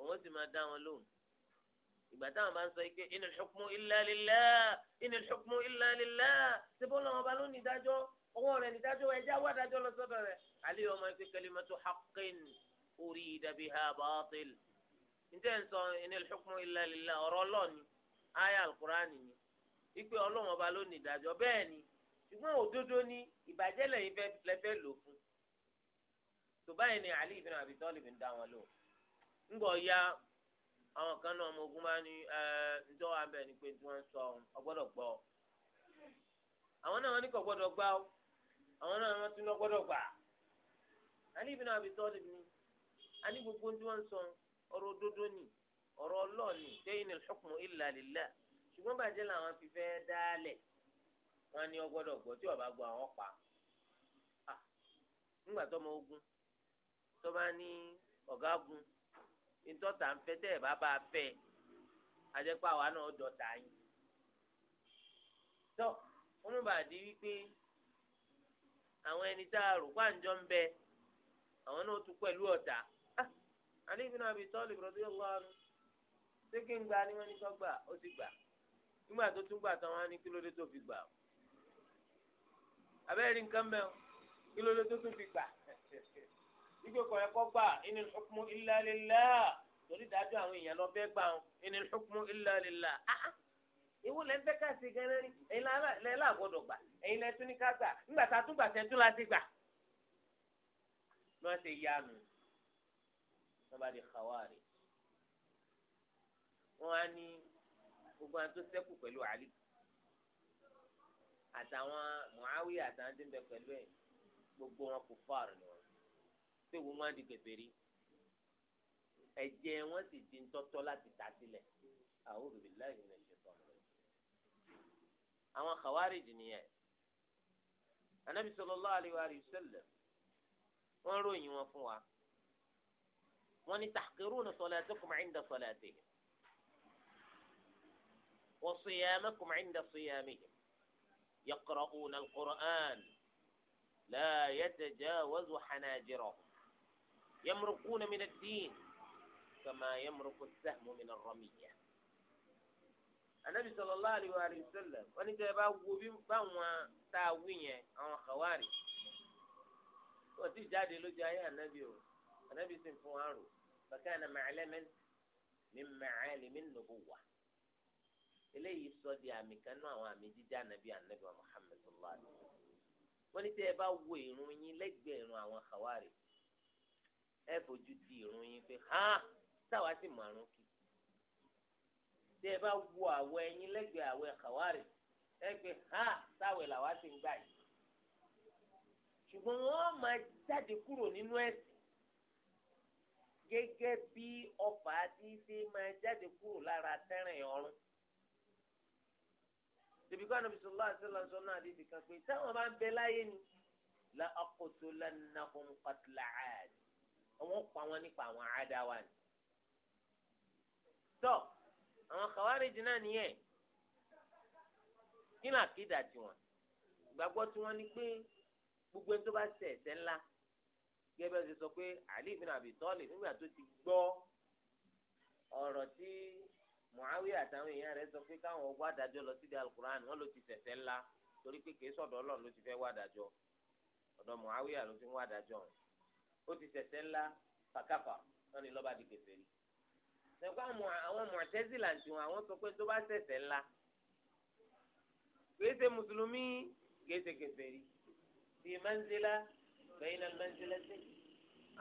òun sì máa dá wọn lóhùn ìgbà táwọn bá ń sọ pé inú ìṣọkùnmù illa lillah inú ìṣọkùnmù illa lillah ṣe bó lọ́wọ́ bá ló ní ìdájọ́ ọwọ́ rẹ̀ ní ìdájọ́ ẹja awádàájọ́ lọ sọ́dọ̀ rẹ̀ àlẹ́ ọmọ ẹgbẹ́ كلمة حق أريد بها باطل انت n إن الحكم إلا لله lillah آية القرآن aya alukurani ni ipe ọlọ́wọ́n ọba ló ní ìdájọ́ bẹ́ẹ̀ ni ṣùgbọ́n òdodo ni ìbàjẹ́ lẹ́yìn lẹ́fẹ́ lò fún tòbáyé ni Ali ibn Abi Talib ń dá wọn lò ńgbọ̀ ya àwọn kan náà ọmọ ogun máa ní ǹjọ́ wa bẹ̀ ni pé tí wọ́n ń sọ ọgbọ́dọ̀ gbọ́ àwọn náà wọn ní kò gbọ́dọ̀ gbá àwọn náà wọn tún lọ gbọ́dọ̀ gbà á. Ali ibn Abi Talib ni Ali gbogbo tí wọ́n ń sọ ọ̀rọ̀ òdodo ni ọ̀rọ̀ ọlọ́ọ̀ni dẹ́yìn al-hukmu illa lillah ṣùgbọ́n bàjẹ́ làwọn fi fẹ́ dálẹ̀ wọn ni ọgbọ́dọ̀ gbọ́ tí ọba gbọ́ àwọn pa nígbà tó ọmọ ogun tó bá ní ọ̀gágun ìtọ́ta ń fẹ́ bá bá a fẹ́ ajẹ́pá àwa náà dọ̀tà yín tó wọn bá di wípé àwọn ẹni tá a ń bẹ́ẹ̀ àwọn náà tún pẹ̀lú ọ̀tá Ali ibn Abi Talib radiyallahu anhu ṣé kí n gba ni wọ́n ní kọ́ gbà ó ti gbà nígbà tó tún gbà tán wọ́n á ní kí ló dé tó fi gbà ó abẹ́rẹ́ nǹkan mẹ́wọ́ kí ló dé tó tún fi gbà ìgbé kọ̀ ẹ̀kọ́ gbà inil hukmu illa torí dájú àwọn èèyàn lọ bẹ́ẹ̀ gbà wọn inil hukmu illa lillah ìwọ ń bẹ́ káàsì gan-an ẹ̀yin lẹ́la gbọ́dọ̀ gbà ẹ̀yin lẹ́tún ní ká gbà ńgbà tá a tún gbà tẹ́tún láti gbà ní wọ́n ṣe yanu wọ́n bá di khawari wọ́n á ní gbogbo àwọn tó ṣẹ́kù pẹ̀lú Ali àtàwọn Muawiya àtàwọn tó ń bẹ pẹ̀lú ẹ̀ gbogbo wọn kò fáàrù ni wọn pé wọ́n máa di kèfèrí ẹ̀jẹ̀ wọn sì di ńtọ́tọ́ láti dá sílẹ̀ a'udhu billahi minash shaitani rajim àwọn khawari jì nìyẹn anabi sallallahu alaihi wa sallam. wọ́n ròyìn wọn fún wa wọ́n ní tàkìrú ní ń tahqiruna salatakum inda salatihim wa siyamakum inda siyamihim yaqra'una al-Qur'an la yatajawazu hanajirahum yamruquna min ad-din kama yamruqu as-sahmu min ar-ramiyya anabi sallallahu alayhi wa sallam wọ́n ní tẹ ẹ bá wo bí báwọn tá wí yẹn àwọn kàwárì. kò tí ì jáde lójú ayé ànábì o ànábì sì ń fún wa rò bàkà ní màálẹ́mẹ́ ní màálẹ́mẹ́ nùbù wà eléyìí sọ di àmì kan náà àwọn àmì jíjá ànábì ànábì wa Muhammad sallallahu alayhi wa sallam wọ́n ní tẹ́ ẹ bá wo ìrun yín lẹ́gbẹ̀ẹ́ ìrun àwọn àwárí ẹ fojú di ìrun yín pé hàn táwa sì mọ àrùn kì tẹ́ ẹ bá wo àwọ̀ ẹ̀yìn lẹ́gbẹ̀ẹ́ àwọ̀ àwárí ẹ pé hàn táwa làwa sì ń gbà yìí ṣùgbọ́n wọ́n máa jáde kúrò nínú ẹ̀sìn gẹ́gẹ́ bí ọfà tí ṣe máa jáde kúrò lára tẹ́rìn ọ̀run. Tẹ̀bíkọ́ àná bisọ̀ lọ́wọ́ àti lọ́sọ náà àdìsí kan pé táwọn bá ń bẹ láyé ni la ọkọ̀tò lánàkùn kọtìlá àdì. Àwọn pa wọn nípa àwọn àádáwa ni. Tọ́ àwọn kàwárìjì náà nìyẹn. Kí ni àkídà tiwọn? Ìgbàgbọ́ tiwọn ni pé gbogbo ẹni tó bá ṣe ẹ̀ṣẹ̀ ńlá gẹ́gẹ́ bí wọ́n ti sọ pé Ali ibn Abi Talib nígbà tó ti gbọ́ ọ̀rọ̀ tí Muawiya àtàwọn èèyàn rẹ̀ sọ pé káwọn wá dájọ́ lọ sídìí alukur'an wọn ló ti ṣẹ̀ṣẹ̀ ńlá torí pé kìí sọ̀dọ̀ Ọlọ́run ló ti fẹ́ wá dájọ́ ọ̀dọ̀ Muawiya ló ti ń wá dájọ́ ó ti ṣẹ̀ṣẹ̀ ńlá fàkàfà wọn ni lọ́ba di kèfèrí nípa àwọn Mu'tazila ń tiwọn àwọn sọ pé tó bá ṣẹ̀ṣẹ̀ ńlá kìí ṣe mùsùlùmí kìí ṣe kèfèrí bíi mẹ́ńsílá bẹ́yìn náà mẹ́ńsílá sí.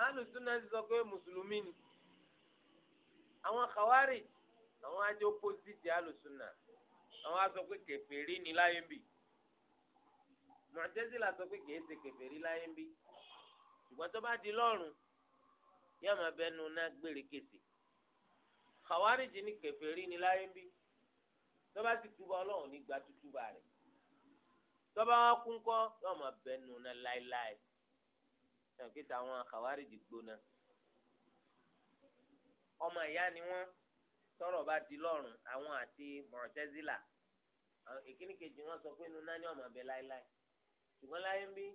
alùsùn náà sọ pé mùsùlùmí ni àwọn kàwárì àwọn ajé opposite alùsùn náà àwọn asọ pé kèfèrí ni láyé ń bì mọ̀tẹ́sílà sọ pé kìí ṣe kèfèrí láyé ń bì ṣùgbọ́n tó bá di lọ́rùn yóò máa bẹnu ná gbére kèsì kàwárì jì ní kèfèrí ni láyé ń bì tó bá sì túbọ̀ ọlọ́run ní gba tútúbà rẹ̀ tọ́ba wọn kún kọ́ yóò máa bẹ nù náà láéláé ẹ̀rọ kí táwọn àkàwárìjì gbóná ọmọ ìyá ni wọ́n tọ́rọ̀ bá di lọ́rùn àwọn àti mọ̀tẹ́zílà ìkíní kejì wọn sọ pé inú náà ni ọmọ abẹ láéláé ṣùgbọ́n láyé ń bí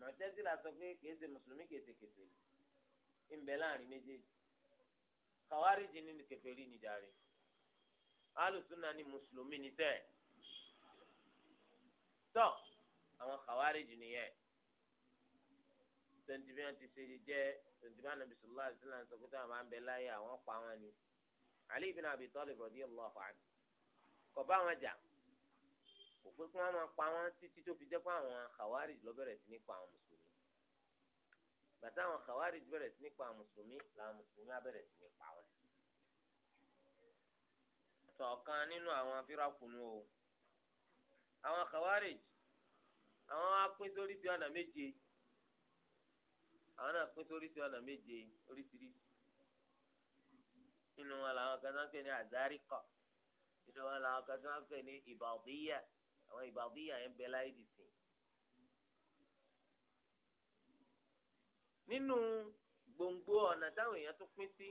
mọ̀tẹ́zílà sọ pé kìí ṣe mùsùlùmí kètèkètè ń bẹ láàrin méjèèjì kàwárìjì ní kèfèrí nìjàre alùsùnà ni mùsùlùmí ni tẹ́ẹ̀ tọ́ àwọn kàwárìjì nìyẹn tontibi wọn ti ṣe jẹ tontibi anabi sọlá àdìsílà ń sọ pé táwọn máa ń bẹ láyé àwọn pa wọn ni Ali ibn Abi Talib radiyallahu anhu kò bá wọn jà kò pé kí wọn máa pa wọn títí tó fi jẹ pé àwọn kàwárìjì ló bẹ̀rẹ̀ sí ní pa àwọn mùsùlùmí bàtà àwọn kàwárìjì bẹ̀rẹ̀ sí ní pa àwọn mùsùlùmí làwọn mùsùlùmí á sí ní pa wọn àwọn á pín sórí sí ọ̀nà méje àwọn náà pín sórí sí ọ̀nà méje oríṣiríṣi nínú wọn làwọn kan tó ń pè ní àzárìkọ nínú wọn làwọn kan tó ń pè ní ìbàdíyà àwọn ìbàdíyà yẹn bẹ láyé dìsí. nínú gbòǹgbò ọ̀nà táwọn èèyàn tó pín sí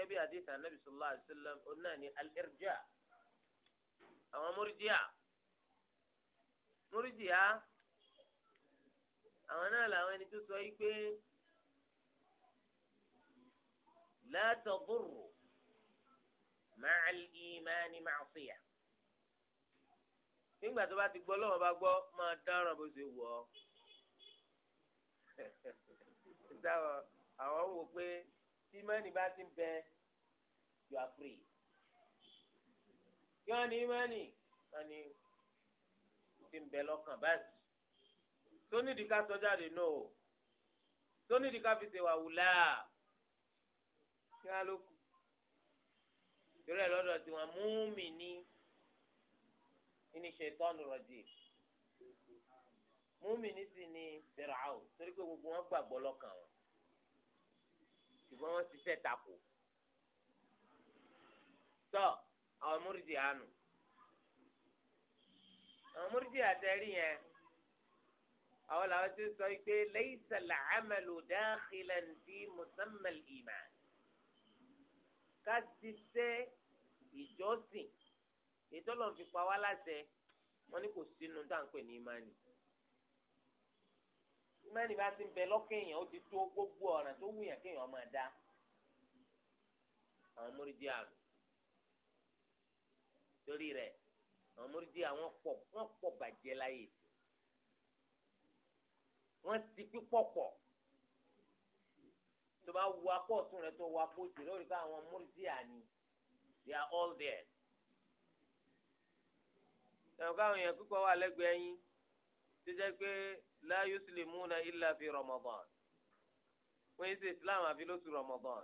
ẹbí àdìsí anábì sallallahu alaihi wasallam ọ̀nà ní al àwọn mọ́rìjìá mọ́rìjìá àwọn náà làwọn ẹni tó sọ yìí pé la tadurru ma'al imani ma'siyah nígbà tó bá ti gbọ́ lọ́wọ́ bá gbọ́ máa dáràn bó ṣe wọ̀ ọ́ dáwọ́ àwọn wò pé tí mẹ́ni bá ti bẹ you are free kí wọ́n ní mẹ́ni wọ́n ní ti bẹ lọ́kàn báyìí tónídìí ká sọ jáde náà o tónídìí ká fi ṣèwà wùlá kí á ló kù torí ẹ lọ́dọ̀ tiwọn múmi ní ìníṣẹ tọnu rọjì múmi ní sì ní fẹràáwò torí pé gbogbo wọn gbàgbọ́ lọ́kàn wọn ṣùgbọ́n wọn ti fẹ́ takò tọ àwọn múrídìí àánú àwọn múrídìí àtẹrí yẹn àwọn làwọn ti sọ pé laysa al-amalu dakhilan fi musamma al-iman ká ti ṣe ìjọsìn ìtọ́lọ̀ fi pa wá láṣẹ wọn ní kò sínú dáńpẹ́ ní ìmánì ìmánì bá ti ń bẹ lọ́kàn èèyàn ó ti tó gbogbo ọ̀ràn tó wùyàn kéèyàn máa dá àwọn múrídìí àrùn torí rẹ̀ àwọn múrídìí àwọn pọ̀ wọ́n pọ̀ bàjẹ́ láyè sí wọ́n ti pípọ̀ pọ̀ tó bá wu apá ọ̀tún rẹ̀ tó wu apá òsì lórí ká àwọn múrídìá ni they are all there. ẹ̀rọ káwọn èèyàn púpọ̀ wà lẹ́gbẹ̀ẹ́ yín tó jẹ́ pé la yuslimuna illa fi Ramadan wọ́n yìí ṣe Islam àfi lóṣù Ramadan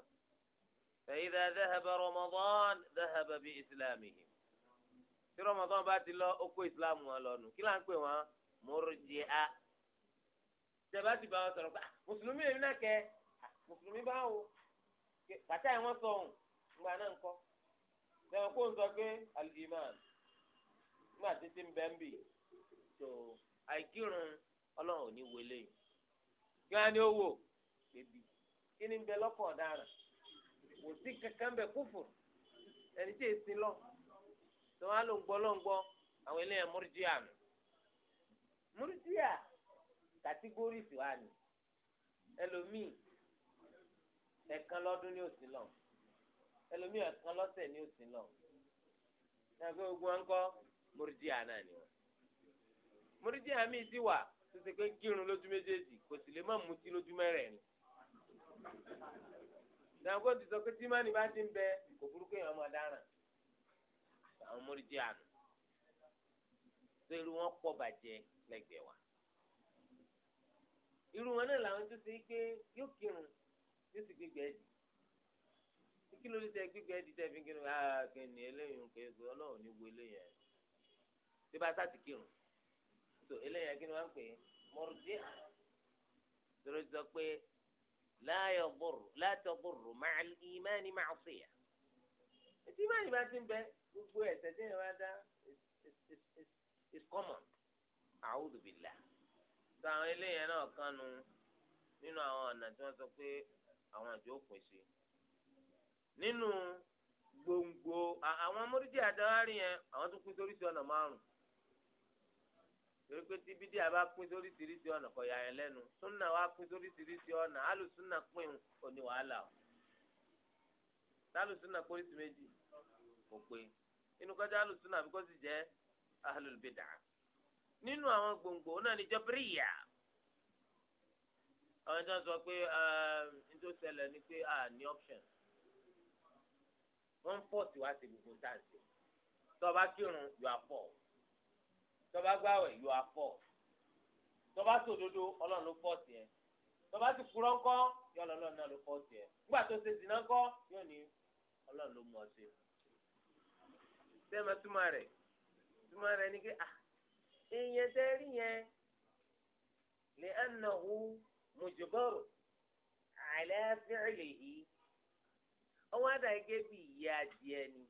fa idha dhahaba Ramadan dhahaba bi islamihim tí Ramadan bá ti lọ ó kó Islam wọn lọ nù kí là ń pè wọn múrídìá ìjọba ti bá wọn sọ̀rọ̀ pé ah, mùsùlùmí lèmi náà kẹ́ ah, mùsùlùmí bá wò bàtà yẹn wọ́n sọ òun ìgbà náà ń kọ́ lẹ́wọ̀n kó ń sọ pé al-iman nígbà títí ń bẹ́ ń bì tó àìkírun ọlọ́run ò ní wọlé yìí kí wọ́n á ní owó bèbí kí ni ń bẹ lọ́kọ̀ ọ̀daràn kò sí kankan bẹ kúfù ẹni tí èsì lọ tó wá ló ń gbọ́ ló ń gbọ́ àwọn eléyàn múrùjíà nù múrùjíà kàtígórìsì wa ni ẹlòmíì ẹ̀kan lọ́dún ní òsín lọ ẹlòmíì ẹ̀kan lọ́sẹ̀ ní òsín lọ ẹgbẹ́ ogun wọn kọ́ mọ́rídìá náà ni wọn. mọ́rídìá mi ti wà títí pé kírun lójú méjèèjì kò sì lè má mutí lójú mẹ́rẹ̀ẹ̀rin. ìdàgbọ́n ti sọ pé tí mánì bá ti ń bẹ kò burúkú èèyàn máa dáràn àwọn mọ́rídìá nù. sẹ́rù wọn pọ̀ bàjẹ́ lẹ́gbẹ̀ẹ́ wa irú wọn náà làwọn tó ṣe pé yóò kírun yóò sì gbégbé ẹdì kí ló dé tẹ gbégbé ẹdì tẹ fi kírun ah kìnìún eléyìí nǹkan ẹgbẹ Ọlọ́run ní wo eléyìí ẹ tí bá sá ti kírun tó eléyìí kí ni wọn pè é mọrùdí à tòrò sọ pé láyọ bòrò látọ bòrò máa ìmáàní máa fè yà ètí ìmáàní bá ti ń bẹ gbogbo ẹsẹ tí yẹn bá dá is common a'udhu billah sọ àwọn eléyẹn náà kan nu nínú àwọn ọ̀nà tí wọ́n sọ pé àwọn àjò òpin sí nínú gbòǹgbò àwọn mọ́rídì àdáwárí yẹn àwọn tó pín sóríṣi ọ̀nà márùn torí pé tí bídíà bá pín sóríṣiríṣi ọ̀nà kọ̀ yà yẹn lẹ́nu súnà wa pín sóríṣiríṣi ọ̀nà alùsúnà pín òní wàhálà o alùsúnà pólísì méjì kò pé inú kọjá alùsúnà bí kò sì jẹ́ alùbẹ̀dà nínú àwọn gbòǹgbò náà ni jọbíríyà àwọn ìjọba sọ pé um, nítorí ṣẹlẹ̀ ni pé a ní option wọ́n ń pọ̀ sí wá sí gbogbo táǹsì tọ́ba kírun yóò afọ́ tọ́ba gbáwẹ̀ yóò afọ́ tọ́ba sòdodo ọlọ́run ló pọ̀ sí ẹ tọ́ba sì kúrọ́ ńkọ́ yóò lọ́lọ́run náà ló pọ̀ sí ẹ nígbà tó ṣe zìnnà ńkọ́ yóò ní ọlọ́run ló mú ọ sí. sẹ́mi túmọ̀ rẹ̀ túmọ̀ rẹ̀ ni pé ah ìyẹn tẹ́ rí yẹn lè ẹnà hu mùjúbọ̀rù àìlẹ́fẹ́lẹ̀ yìí ọwọ́ àdàgé bí ìyá adìẹ ni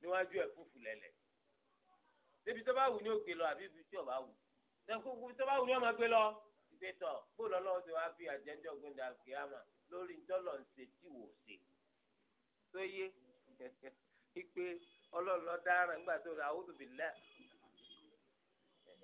níwájú ẹ̀ fúfú lẹ̀lẹ̀ débi tó bá wù ní òkè lọ àbí ibi tí ò bá wù tẹkùkù tó bá wù ní ọmọ gbé lọ ìgbé tọ bóòlù ọlọ́run ti wá fi àjẹjọ́ gbẹ̀dà kìámà lórí ntọ́lọ̀ ń tí wò ṣe tó yé pípé ọlọ́run lọ dáràn nígbà tó rà áwùjọ bìlẹ̀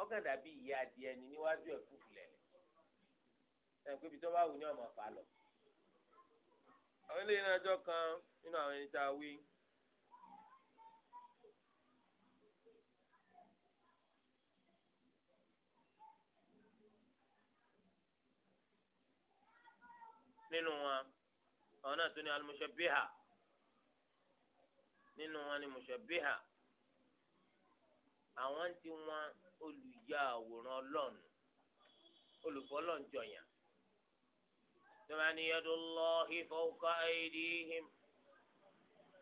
ọkàn dàbí ìyá adìẹ ni níwájú ẹ̀ fúfú lẹ̀lẹ̀ ẹ̀ pé ibi tó bá wù ní ọmọ fà lọ. àwọn eléyìí náà jọ kan nínú àwọn ẹni tá a wí. nínú wọn àwọn náà tún ní alimushabiha nínú wọn ni mushabiha àwọn ti wọn. olùyà àwòrán ọlọ́run olùfọlọ́njọyàn tó máa ní yadullahi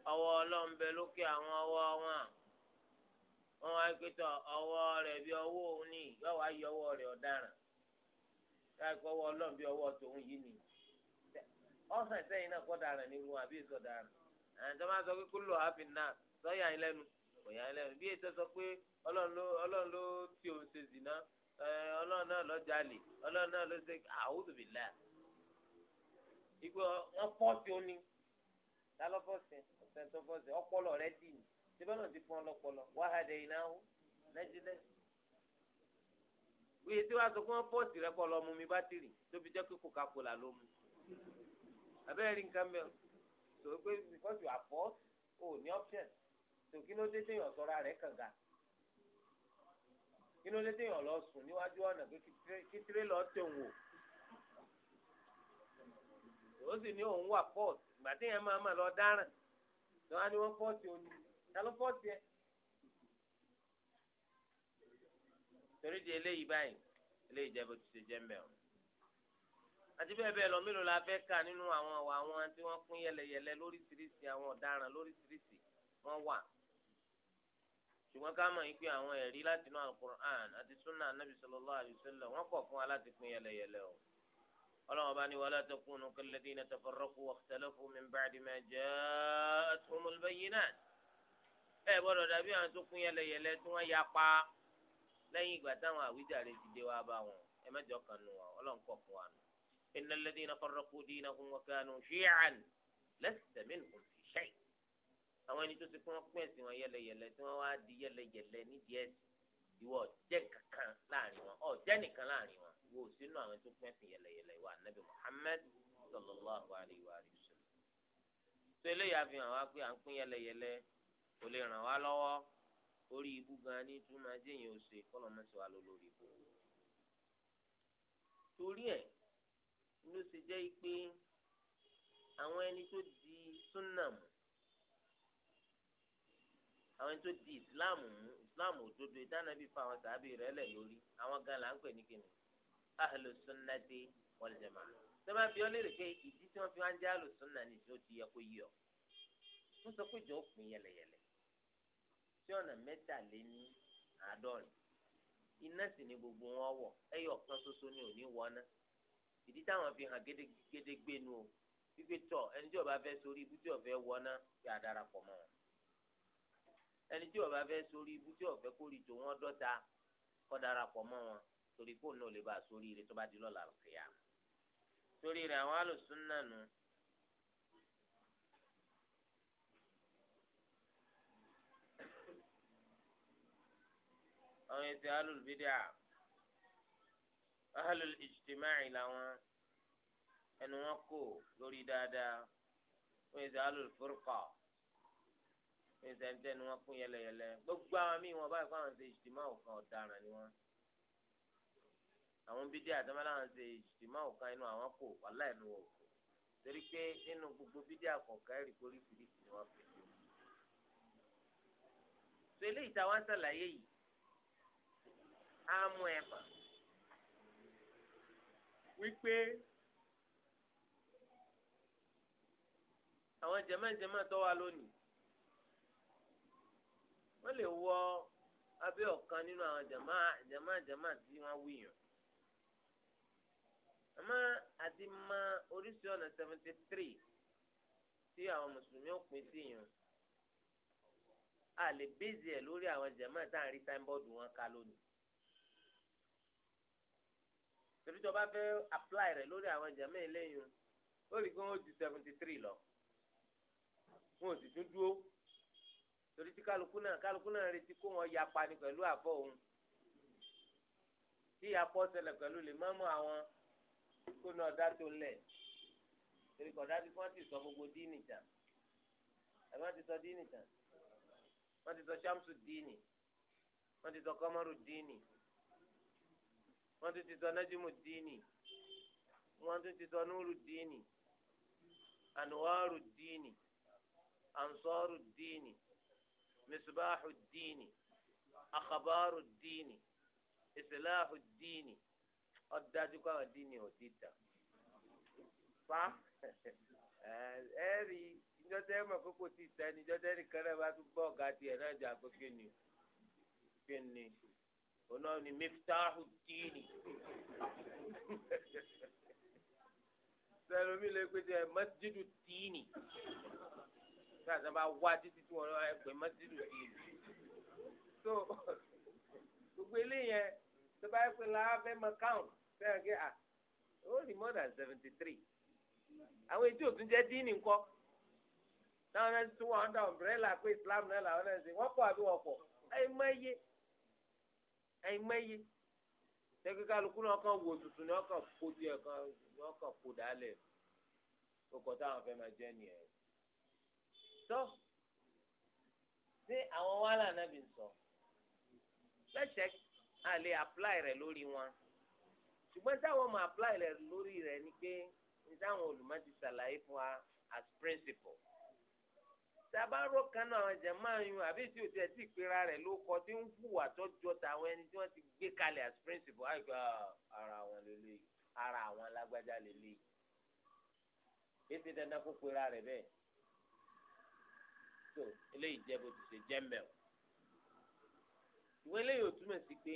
ọwọ́ ọlọ́run lókè àwọn ọwọ́ wọn wọn ọwọ́ rẹ̀ bí ọwọ́ òun yóò ọwọ́ rẹ̀ ọ̀daràn ọwọ́ bí ọwọ́ tòun yìí ni ọ̀sán ìsẹ́yìn náà kọ́ daràn àbí ìsọ̀daràn sọ pé kúlò náà sọ́yà òyìn alẹ́nu bí ètò sọ pé ọlọ́run ló tí òun ṣe zìnà ọlọ́run náà ló jalè ọlọ́run náà ló ṣe a'udhu billah ìgbọ́ wọn pọ́ sí oní lálọ́fọ́sẹ̀ ọ̀sẹ̀ntọ́fọ́sẹ̀ ọpọlọ rẹ dì ní síbẹ̀ náà ti fún ọ lọ́pọlọ wàhádẹ ìnáwó lẹ́jídẹ́ wíyẹ tí wàá sọ fún pọ́ọ̀sì rẹ pọ̀ lọ́mú mi bátìrì tóbi jẹ́ pé Coca-Cola ló mu abẹ́rẹ́ rí nǹkan mẹ́rin sọ pé bíkọ́sì àpọ́ tó kí ló dé téèyàn sọra rẹ̀ kànga kí ló dé téèyàn lọ sùn níwájú ọ̀nà pé kí tirẹ̀ lọ tẹ̀wọ̀n wò ó sì ní òun wà pọ́ọ̀tì ìgbà téèyàn máa máa lọ dáràn ni wọ́n á ní wọ́n pọ́ọ̀tì òní ta ló pọ́ọ̀tì ẹ̀. torí di eléyìí báyìí eléyìí jẹ́ bó ti ṣe jẹ́ mẹ́ọ̀. àti bẹ́ẹ̀ bẹ́ẹ̀ lọ mélòó la fẹ́ kà nínú àwọn àwọn àwọn tí wọ́n pín yẹlẹyẹlẹ lóríṣiríṣi àwọn ọ̀daràn lóríṣiríṣi wọ́n wà ṣùgbọ́n ká mọ̀ pé àwọn ẹ̀rí láti inú alukur'an àti sunna anabi sallallahu alayhi wa sallam wọ́n kọ̀ fún wa láti pín yẹlẹyẹlẹ o ọlọ́wọ́n bá ní wala takunu kalladhina tafarraqu wakhtalafu min ba'di ma ja'athumul bayyinat ẹ gbọ́dọ̀ dàbí àwọn tó pín yẹlẹyẹlẹ tí wọ́n yapa lẹ́yìn ìgbà táwọn àwíjàre ti dé wá bá wọn ẹ mẹ́jọ kan nù wọn ọlọ́run àwọn ẹni tó ti kún pín ẹ̀sìn wọn yẹlẹyẹlẹ tí wọ́n wá di yẹlẹyẹlẹ nídìí ẹ̀sìn ìwọ ọ̀jẹ́ kankan láàrin wọn ọ̀jẹ́ nìkan láàrin wọn ìwọ òsínú àwọn tó pín ẹ̀sìn yẹlẹyẹlẹ ìwà Ànábì Muhammad sallallahu alayhi wa sallam. tó eléyà fi hàn wá pé à ń pín yẹlẹyẹlẹ kò lè ràn wá lọ́wọ́ orí ibú gan ni tó máa jẹ́yìn òsè kọ́lọ́mọ́sí wa lórí ibú. torí ẹ̀ ló ṣe jẹ́ pé àwọn ẹni tó di súnnà àwọn tó di islam mú islam òdodo ìdánábì fa àwọn sàábì rẹ lẹ lórí àwọn gan la ń pè ní kíni ahlu sunnati wal jamaa sọba bí wọn lérè pé ìdí tí wọn fi wọn jẹ ahlu sunna ni tí ó ti yẹ kó yí ọ wọn sọ pé jọ ó yẹlẹyẹlẹ tí ọ̀nà mẹ́tàléní àádọ́rin iná sì ni gbogbo wọn wọ ẹyọ kan ṣoṣo ni ò ní wọná ìdí táwọn fi hàn gédégédé gbénu o wípé tọ ẹni tí ó bá sórí ibú tí ó fẹ́ wọná fi àdarapọ̀ mọ́ wọn ẹni tí ọba fẹ́ sórí ibú tí ọfẹ kórì tó wọn dọta kọ darapọ̀ mọ́ wọn torí kó náà lè bá a sórí ire tó bá di lọ́la kìá torí rẹ̀ àwọn alùsùn náà nù. àwọn ètò alùbídà ahlul ijtima'i làwọn ẹnu wọn kò lórí dáadáa wọn ètò alùfurqa ìsẹ̀ntẹ́ ni wọ́n kún yẹlẹyẹlẹ gbogbo àwọn míì wọn báyìí fáwọn ṣe ìjìmá òkan ọ̀daràn ni wọ́n àwọn bídíà àtàmọ́lá wọn ṣe ìjìmá òkan inú àwọn kò wàhálà ẹnu wò torí pé nínú gbogbo bídíà àkọ́kọ́ ẹ̀rí oríṣiríṣi ni wọ́n fi ṣe. sọ eléyìí táwa ń ṣàlàyé yìí á mú ẹ mà wípé àwọn jẹ̀mọ́jẹ̀mọ́ tó wà lónìí wọ́n lè wọ abẹ́ ọ̀kan nínú àwọn jama jama jama tí wọ́n wíyàn àmọ́ àti ma oríṣi ọ̀nà seventy three tí àwọn mùsùlùmí ò pín sí yàn a lè bèzì ẹ̀ lórí àwọn jama tá à ń rí táìmbọ́ọ̀dù wọn ká lónìí torí tó bá fẹ́ apply rẹ̀ lórí àwọn jama eléyìí ó rí i pé ju seventy three lọ wọn ò sì tún dúró torí tí kálukú náà kálukú náà retí kó wọn yapa ni pẹ̀lú àbọ̀ òun tí apọ̀ ṣẹlẹ̀ pẹ̀lú lè mọ́mọ́ àwọn kó náà dá tó lẹ̀ torí kọ̀dá tí wọ́n ti sọ gbogbo díìnì jà àbí wọ́n ti sọ díìnì jà wọ́n ti sọ shamsu díìnì wọ́n ti sọ kọ́mọ́rù díìnì wọ́n ti sọ nájúmù díìnì wọ́n ti sọ núrù díìnì ànúwárù díìnì ànsọ́rù díìnì. مصباح الدين أخبار الدين إصلاح الدين ọdájú káwọn díìnì ò ti dà fa ẹ rí ìjọba ẹ mọ pé kò tí ì ta ẹni ìjọba ẹni kan náà bá tún gbọ́ ọ̀gá tiẹ̀ náà jà pé kí ni kí ni òun ni miftahu díìnì sẹlómi lè pe jẹ masjidu díìnì sáàsán bá wá títí tí wọn ẹgbẹ́ mọ́sídù yìí so gbogbo eléyẹn tó bá yẹ pé láàbẹ̀ mọ káwọn sẹ́yìn kí à ó ní more than seventy three àwọn etí òtún jẹ́ díìnì ńkọ́ táwọn náà tún wọn dá ọ̀mbrẹ́là pé Islam náà làwọn náà ṣe wọ́n pọ̀ àbí wọ́n pọ̀ àìmọye àìmọye tẹ́kí kálukú náà kàn wò tuntun ní ọkàn kó tiẹ̀ kan ní ọkàn kó dálẹ̀ kókò táwọn fẹ́ máa jẹ́ nìyẹn tó ṣé àwọn wàhálà nàbì ń sọ lẹ́sẹ̀ a lè apply rẹ̀ lórí wọn ṣùgbọ́n táwọn ọmọ apply rẹ̀ lórí rẹ̀ ni pé ní táwọn olùmọ̀ ti ṣàlàyé fún wa as principal, tabaró kaná àwọn jẹmáàyún àbí tí o tiẹ̀ ti pera rẹ̀ ló kọ tí ń hùwà tọ́jọ́ tàwọn ẹni tí wọ́n ti gbé kalẹ̀ as principal àìkú ah, ara àwọn lélẹ́yìí ara àwọn alágbájá lélẹ́yìí ètò dandan kó pera rẹ̀ bẹ́ẹ̀ so eléyìí jẹ́ bó ti ṣe jẹ́ mbẹ́ o ìwé eléyìí ò túmọ̀ sí pé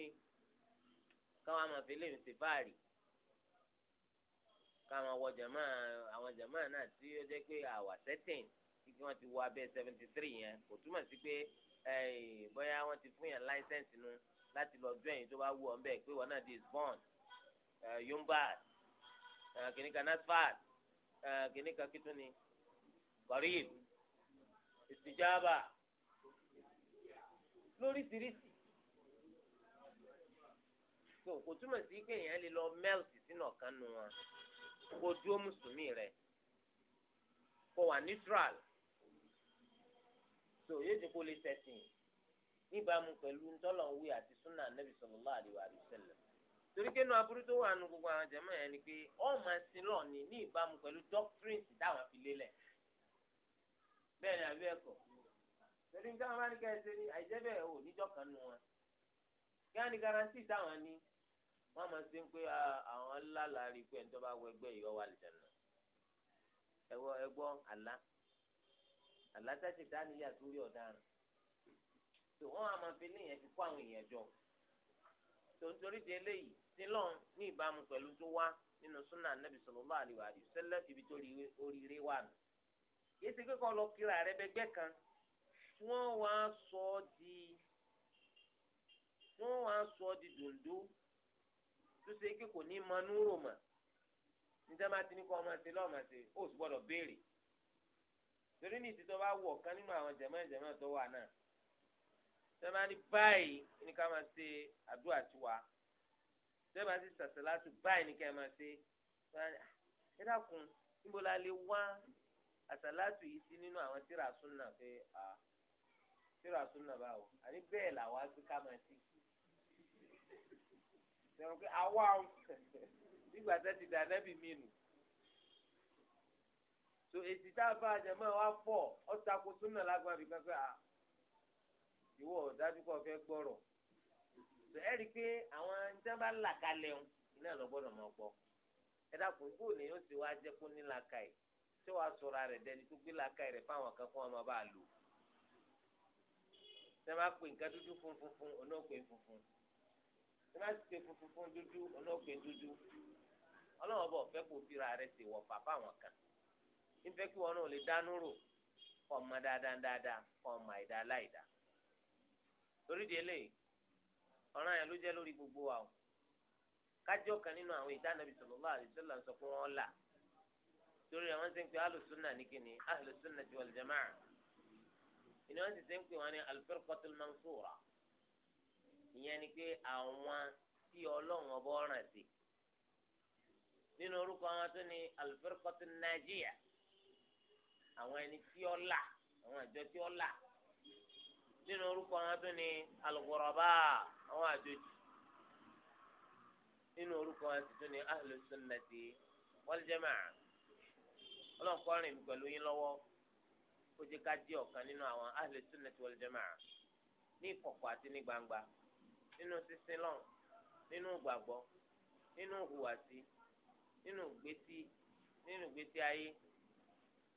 káwọn àmọ̀ fi eléyìí ṣe báàrì káwọn àwọ̀ jàmá àwọn jàmá náà tí ó jẹ́ pé àwà sẹ́tìn kí wọ́n ti wọ abẹ́ seventy three yẹn kò túmọ̀ sí pé eh, bóyá wọ́n ti fún yàn láìsẹ̀nsì nu láti lọ jọ ẹ̀yìn tó bá wù ọ́ mbẹ́ pé wọ́n náà di bond eh, yombard eh, kìnnìkan nasfat kìnnìkan kìtúni kọ̀ríyìn ìtìjáàbà lóríṣiríṣi so kò túmọ̀ sí pé èèyàn lè lọ mẹ́ẹ̀lì sínú ọ̀kan nu wọn kó dúró mùsùlùmí rẹ kó wà neutral so yóò ti kó lè sẹ̀sìn níbàámu pẹ̀lú ntọ́lọ̀wé àti súnà nẹ́bí sallallahu alaihi wa sallam torí pé inú aburú tó wà nù gbogbo àwọn jẹ̀mọ́ yẹn ni pé ọ́n máa sin lọ́ọ̀ ni ní ìbámu pẹ̀lú doctrines táwọn fi lélẹ̀ bẹ́ẹ̀ ni àbí ẹ̀kọ́ torí ní táwọn amánikẹ́ ẹ ṣe ní àìjẹ́ bẹ́ẹ̀ ò níjọ́ kan nù wọn kí á ní garanti táwọn ní wọ́n máa ṣe ń pé ah, àwọn ńlá làárí pé ẹni tó bá wọ ẹgbẹ́ ìyọ́ wà lìjẹ̀ nù ẹ̀wọ́ ẹgbọ́ àlá àlá tẹ̀sí dání yàtú rí ọ̀daràn tó wọ́n á máa fi léèyàn fi kó àwọn èèyàn jọ tó ń torí di eléyìí sí lọ́n ní ìbámu pẹ̀lú tó wá nínú súnà nàbì sallallahu alaihi wa ibi tó oríire wà nù kìí ṣe pé kọ́ lọ kíra rẹ bẹgbẹ́ kan wọ́n wá sọ ọ́ di wọ́n wá sọ ọ́ di dòndó tó ṣe pé kò ní mọ núrò mọ̀ níta máa ti ní kọ́ ọmọ ṣe lọ́ọ̀mọ̀ ṣe ó sì gbọ́dọ̀ béèrè torí ní ìsìtọ́ bá wọ̀ kan nínú àwọn jẹ̀mọ́ ìjẹ̀mọ́ tó wà náà sẹ́mi á ní báyìí ní ká máa ṣe àdúrà tiwa sẹ́mi á sì ṣàṣẹ láti báyìí ní ká máa ṣe ah, ẹ dákun níbo la lè wá àsàlátù yìí sí nínú àwọn tíra súnà pé à tíra súnà báwo àní bẹ́ẹ̀ làwọn á gbé ká máa sí. sẹ́wọ̀n pé àwa ò nígbà tẹ́ ti dáná bí mi nù. tó èsì tá a bá àjẹmọ́ wa pọ̀ ọ́ takò súnà lágbára bí kankan à ìwọ dájú kọ́ fẹ́ gbọ́rọ̀ ẹ rí i pé àwọn tí wọ́n bá là kalẹ̀ ń iná lọ máa gbọ́ ẹ dákun kó lè yóò ti wá jẹ́ kó nílà ka yìí tí wàá sọra rẹ̀ dẹni tó gbé làákàyè rẹ̀ fáwọn kan fún ọmọ bá lò tí wọ́n bá pè nǹkan dúdú fún funfun ọ̀nà òpè funfun tí wọ́n bá pè funfun fún dúdú ọ̀nà òpè dúdú ọlọ́wọ́n bọ̀ fẹ́ kó fira rẹ̀ sì wọ̀ fà fáwọn kan nífẹ̀ẹ́ kí wọn náà lè dánú rò kọ́ ọmọ dáadáa dáadáa kọ́ ọmọ àìdá láìdá torí di eléyìí ọ̀ràn yẹn ló jẹ́ lórí gbogbo wa o kájọ́ kan nínú àwọn ìdáná Ànábì sallallahu alaihi torí àwọn ti ń pè alùsùnà ní kíni alùsùnà ti wal jamaa ìní wọn ti ti ń pè wọn ní alfirqatul mansura ìyẹn ni pé àwọn tí ọlọ́run ọba ọ̀ràn sí nínú orúkọ wọn tó ní alfirqatul najiya àwọn ẹni tí ó là àwọn àjọ tí ó là nínú orúkọ wọn tó ní alghuraba àwọn àjòjì nínú orúkọ wọn tó ní alùsùnà ti wal jamaa. ọlọ́nkọ́rin pẹ̀lú yín lọ́wọ́ ó jẹ́ ká ọ̀kan nínú àwọn ahlu sunnah wal ní ìkọ̀kọ̀ àti ní gbangba nínú sísin lọ́n nínú gbàgbọ́ nínú hùwàsí nínú gbèsè nínú ayé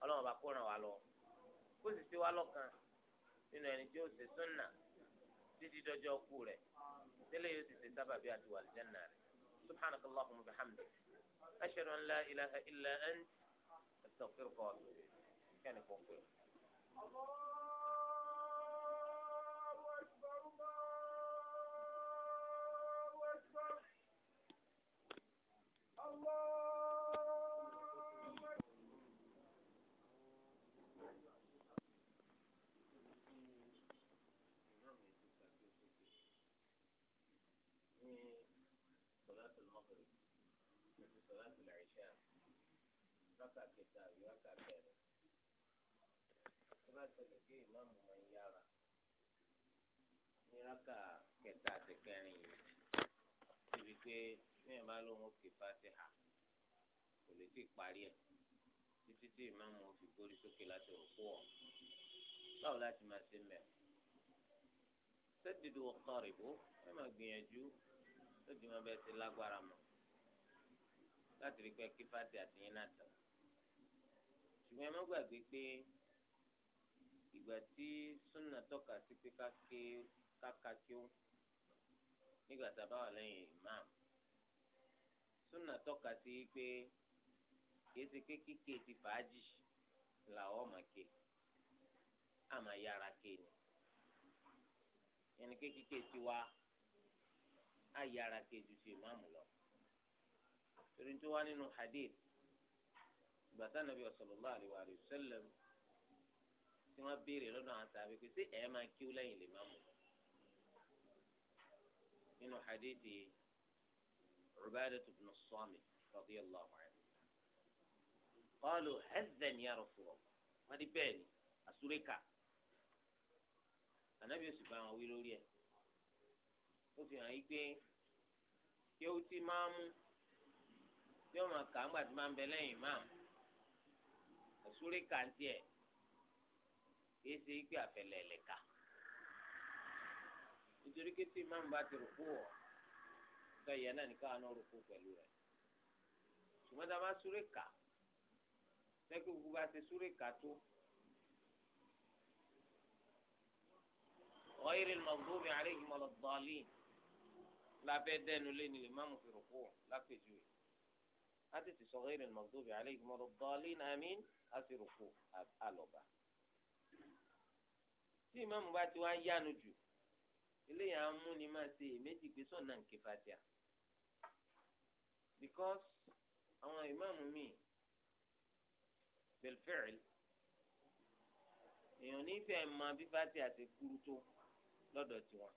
ọlọ́run bá kó ràn wá lọ kó sì sí wá lọ́kàn nínú ẹni tí ó súnà títí kú rẹ̀ tẹ́lẹ̀ yóò sì sábàbí nà. rẹ̀ wa an la ilaha illa استغفرك واتوب كان يكون خير Allah rákà kẹta àbí rákà kẹrin tó bá tẹ̀lé pé ìmáàmù máa ń yára ní rákà kẹta àti kẹrin yìí síbi pé bẹ́ẹ̀ bá lóun ó ké fatiha kò lè tí ì parí ẹ̀ títí tí ìmáàmù ó fi gbórí sókè láti òkú ọ̀ báwo láti máa ṣe mẹ́rin sẹ́dìdì ọ̀kan rìbó ẹ máa gbìyànjú lójú máa bẹ́ẹ̀ ti lágbára mọ́ láti rí pé kí fati àtìyín náà tẹ̀lé ṣùgbọ́n ẹ má gbàgbé pé ìgbà tí súnà tọ́ka sí pé káké káka kí ó nígbà tá a bá wà lẹ́yìn imam súnà tọ́ka sí pé kìí ṣe pé kíkè ti fàájì làwọn máa ké àmà yára ké ni ẹni pé kíkè ti wá á ké ju ti imam lọ torí tó wá nínú hadith gbàtà nàbí sallallahu alaihi wa sallam tí wọ́n béèrè lọ́dọ̀ àwọn sàbẹ pé ṣé ẹ máa kíw lẹ́yìn lè má mú nínú hadithi Ubadah ibn Samit radiyallahu anhu qalu hadhan ya Rasulullah wọ́n di bẹ́ẹ̀ ni àsúrẹ́kà ànábì oṣù bá wọn wí lórí ẹ̀ ó fi hàn yí pé kí ó ti máa mú tí ó máa kà á ń gbà tí máa ń bẹ lẹ́yìn máa mú òsúré kà ń tiẹ̀ kìí ṣe pé àfẹlẹ̀ ẹ̀lẹ̀ka nítorí pé tí ìmáàmù bá ti rùkú wọ̀ sọ ìyẹn náà nìkan àná rùkú pẹ̀lú rẹ̀ ṣùgbọ́n tá a bá súré kà sẹ́kì gbogbo bá ti súré kà tó. غير المغضوب عليهم ولا الضالين لا بيدن لين الإمام في ركوع لا في جوي láti sì sọ ghayril maghdubi alayhim waladdallin àmín láti rúkú àlọ́ba. tí ìmáàmù bá ti wá yánu jù eléyìí á mú ni máa ṣe èméjì pé sọ̀nà nké fatia because àwọn ìmáàmù míì bilfi'l èèyàn nífẹ̀ẹ́ máa bí fatia ti kúrú tó lọ́dọ̀ tiwọn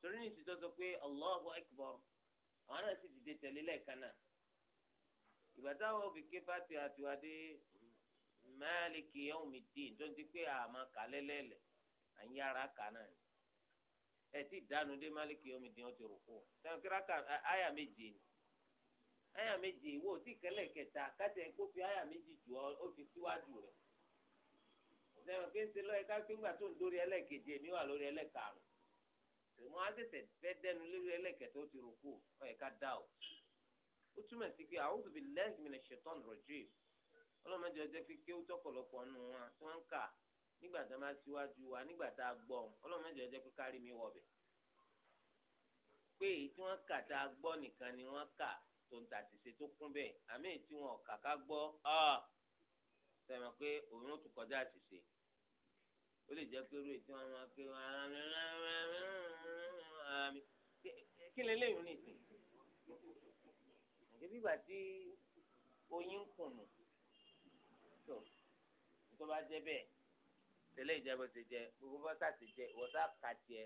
torí ní ìsìtọ́ sọ pé Allahu akbar àwọn náà sì dìde tẹ̀lé lẹ́ẹ̀kan náà ìgbà táwọn òbí ké fati àtiwá dé Maliki Yawmiddin tó ti pé àmọ́ kálẹ̀ lẹ́lẹ̀ à ń yára kà náà ni ẹ ti dánu dé Maliki Yawmiddin ó ti rò kó sẹ́wọ̀n kíra kà áyà méje ni áyà méje ìwọ ò tí kẹlẹ̀ kẹta kátẹ́ kó fi áyà méje jù ọ́ ó fi síwájú rẹ̀ sẹ́wọ̀n kí n ṣe lọ́yẹ ká gbégbà tó ń dórí ẹlẹ́ẹ̀keje mi wà lórí ẹlẹ́ẹ̀karùn-ún á tẹ̀sẹ̀ fẹ́ dẹnu lórí ẹlẹ́ẹ̀kẹta ó ti rò kó ọ̀yẹ̀ká ó túmọ̀ sí pé a'udhu billahi minash shaitonir rajim ọlọ́mọdé ọjọ́ kékeré ó tọ́pọ̀lọpọ̀ nù wọn tí wọ́n ń kà nígbà tá a máa síwájú wa nígbà tá a gbọ́ ọlọ́mọdé ọjọ́ kékeré kárí mi wọ̀ bẹ̀ pé èyí tí wọ́n kà tá a gbọ́ nìkan ni wọ́n kà tó ń tàṣìṣe tó kún bẹ́ẹ̀ àmì èyí tí wọn kà ká gbọ́ sẹ́mi pé òun ó tún kọjá àṣìṣe ó lè jẹ́ pé irú èyí tí wọ́n máa pé kí lè léyìn ní ebi gbà tí oyin kùnù tó tó bá jẹ bẹ́ẹ̀ tẹ́lẹ̀ ìjẹbọ ti jẹ gbogbo bọsà ti jẹ wọsà ka tiẹ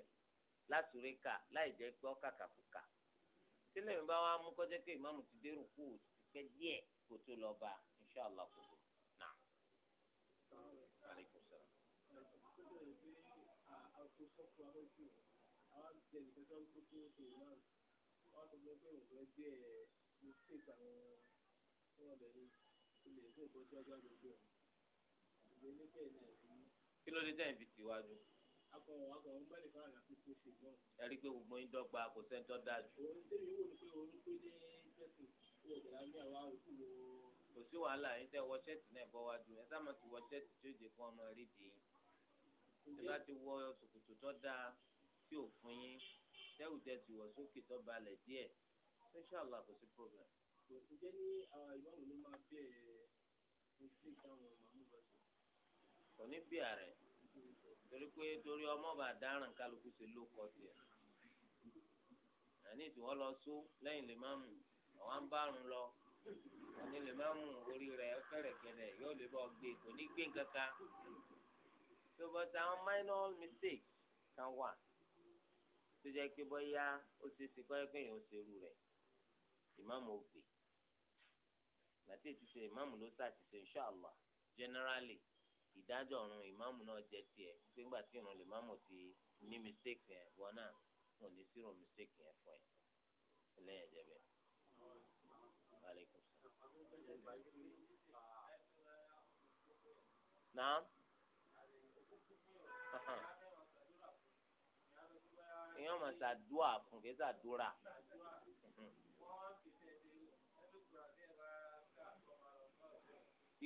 látòrí ka láì jẹ gbọ kàkàkùkà tẹ́lẹ̀ mi bá wà mú kọjá pé ìmáàmù ti dérò kú ti pẹ́ díẹ̀ kó tó lọ bá inṣàlá kò tó nà. Àwọn àti ẹnìkan tó ń kó tó ṣe náà, wọ́n á sọ pé òun fẹ́ gbé ẹ̀ kí ló dé tẹ̀yìn fi tìwájú. akọ̀wọ̀ akọ̀wọ̀ ń bá nìkan àgbà tó ṣe ṣe gbọ́n. ẹ rí i pé gbogbo yín dọ́gba kò sẹ́ni tó dáa jù. òun tẹ̀lé wò ni pé òun pé ní pẹ̀sì tó o gbàdá ní àwa òkú wo. kò sí wàhálà yín tẹ wọ ṣẹ́ẹ̀tì náà bọ́ wájú ẹ sáà máa ti wọ ṣẹ́ẹ̀tì tó jẹ fún ọmọ rí di yín. ẹ bá ti wọ ṣòkòtò tó dáa tí ò fún yín tẹ́wù inshallah kò sí problem. ǹjẹ́ ní ìbámu ló máa bẹ̀rẹ̀ ìdílé táwọn màmú bá sọ. kò ní bí ààrẹ torí pé torí ọmọ bá dáràn kálukú ṣe ló kọ tiẹ̀ àní tí wọ́n lọ sú lẹ́yìn lè má mú àwọn á ń bá àrùn lọ wọ́n ní lè má mú orí rẹ̀ fẹ́rẹ̀ gẹ̀dẹ̀ yóò lè bọ́ gbé kò ní gbé kankan tó bọ́ ta àwọn minor mistake kan wà tó jẹ́ pé bóyá ó ṣe é ṣe kọ́ ẹ́ pé èèyàn ó ṣerú rẹ̀ ìmáàmù ògbè gbàtí ètùtù ìmáàmù ló ṣàtìṣe inṣàlá generally ìdájọ́ ọ̀run ìmáàmù náà jẹ́ tiẹ̀ pé ńgbà tí ìrun lè máàmù ti ní mistake yẹn wọn náà wọn ò ní sírò mistake yẹn fún ẹ lẹ́yìn ẹ̀jẹ̀ bẹ́ẹ̀. Naam. Èèyàn máa ṣàdúrà fún kí ṣàdúrà.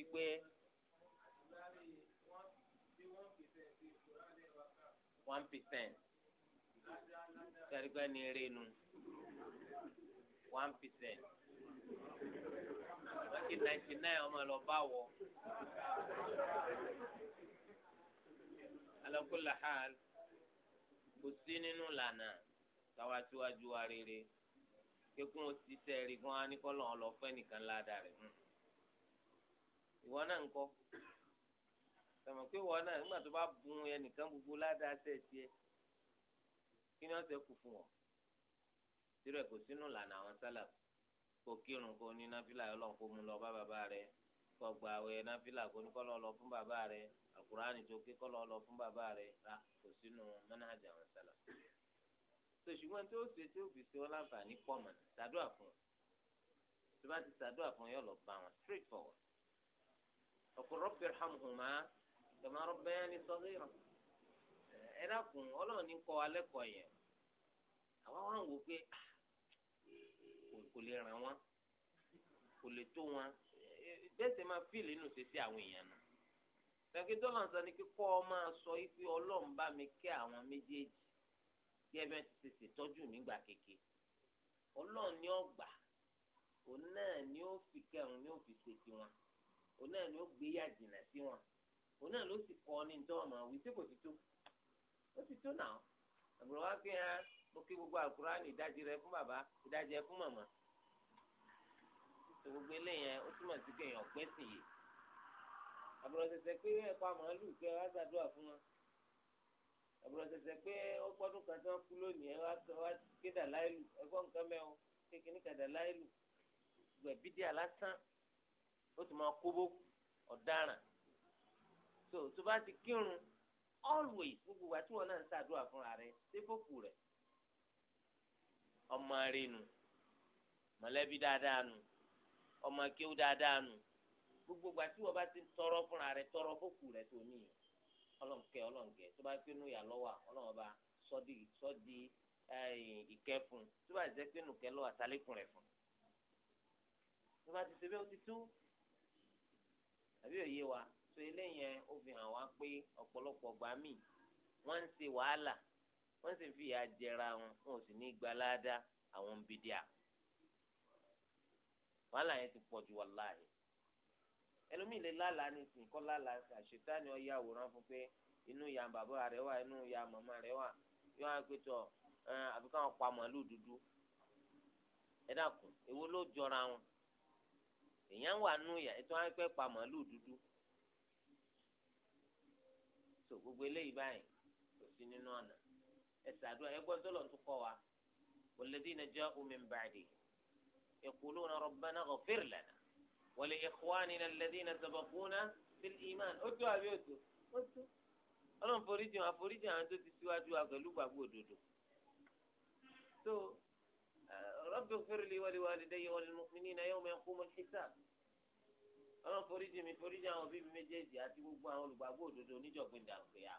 wípé. one percent sẹ́rígbẹ́ ni rinu one percent lọ́kì ninety nine ọmọ lọ bá wọ alakula hal kò sí nínú lànà táwa síwájú wa rere kékun ó ti sẹ́ẹ̀rì fún wa ní kọ́lọ́n ọlọ́fẹ́ nìkan ládàá rẹ̀ mú ìwọ náà ńkọ́ tẹmọ pé ìwọ náà nígbà tó bá bùn ẹnìkan gbogbo ládàá sẹ tiẹ̀ kí ni wọ́n ṣe kù fún ọ tirẹ̀ kò sínú lànà àwọn sálà kò kírun kò ní náfìlà Ọlọ́run kò mú lọ bá bàbá rẹ̀ kò gba àwẹ̀ náfìlà kò ní kọ lọ lọ fún bàbá rẹ̀ àkùránì tó ké kọ lọ fún bàbá rẹ̀ rà kò sínú mẹnájà àwọn sálà so ṣùgbọ́n tí ó ṣe tí ó fi ṣe wọn láǹfààní pọ̀ mọ̀ ṣàdúrà fún ọ tí wọ́n ti ṣàdúrà fún ọ yóò lọ bá wọn straight forward. ọ̀pọ̀ rọ́bì irhamhuma kama rabbayani saghira ẹ dákun ọlọ́run ní kọ́ alẹ́ yẹn àwọn wọn wò pé ah, kò lè ràn wọn kò lè tó wọn bẹ́ẹ̀ sì máa fíìlì nù sí sí àwọn èèyàn nù tẹ̀kí dọ́là sọ ni kíkọ́ máa sọ ọlọ́run bá mi kẹ́ àwọn méjèèjì kí ni òun ni ó fi ni òun náà ni ó gbé yà sí wọn òun ló sì kọ́ ní nítorí ọmọ wí sí ti tó ó ti tó náà àgbọ̀rọ̀ wá pé hàn ah, mo kí gbogbo àkùránì ìdajì rẹ fún bàbá ìdajì rẹ fún màmá tó gbogbo eléyẹn ó túmọ̀ sí pé èèyàn pẹ́ sí yìí àbúrò ṣẹ̀ṣẹ̀ pé ẹ̀kọ́ àmọ́lù kẹ wá ṣàdúrà fún wọn àbúrò ṣẹ̀ṣẹ̀ pé ó gbọ́dún kan tí wọ́n kú lónìí ẹ wá ó ti máa kóbó ọ̀daràn so tó bá ti kírun always gbogbo wa tí wọn náà ń ṣàdúrà fúnra rẹ sépòkù rẹ ọmọ rẹ nu mọ̀lẹ́bí dáadáa nu ọmọ akéwù dáadáa nu gbogbo wa tí wọn bá ti tọrọ fúnra rẹ tọrọ fòkù rẹ tó níyàn ọlọ́nkẹ́ ọlọ́nkẹ́ tó bá pé nù yà lọ́wọ́ ọlọ́wọ́ bá sọ́dí sọ́dí eh, ìkẹ́ fún tó bá jẹ́ pé nù kẹ́ lọ́wọ́ àtàlẹ́kùn rẹ̀ fún tó bá ti ṣe bẹ́ẹ̀ ó ti tún àbí òye wa so eléyẹn ó fi hàn wá pé ọ̀pọ̀lọpọ̀ gbà mí wọ́n ń ṣe wàhálà wọ́n sì ń fi ìyà jẹra wọn wọn ò sì ní gbalada àwọn ń bìdíà wàhálà yẹn ti pọ̀ ju wàláhì ẹlòmíì lè lálàá nísìnyí kọ́ lálàá àṣetáni ọ̀yà àwòrán fún pé inú ìyá bàbá rẹ̀ wà inú ìyá màmá rẹ̀ wà yóò wá pé tọ̀ àfi káwọn pa màálù dúdú ẹ dákun èwo ló jọra wọn èèyàn wà nù yà ètò wọn pẹ́ pa màálù dúdú tó gbogbo eléyìí báyìí kò sí nínú ọ̀nà ẹ ṣàdúrà ẹ gbọ́n tó lọ́n tún kọ́ wa walladhina ja'u min ba'di yaquluna rabbana ighfir lana wa li ikhwanina alladhina sabaquna bil iman ó tó àbí ó ó tó ọlọ́run foríjì wọn àforíjì àwọn tó ti síwájú wa pẹ̀lú gbàgbọ́ òdodo tó rabbi ighfir li wa li walidayya wa lil mu'minina yawma yaqumul hisab ọlọ́run foríjì mi foríjì àwọn òbí mi méjèèjì àti gbogbo àwọn olùgbàgbọ́ òdodo oníjọ̀gbìn dàgbéyà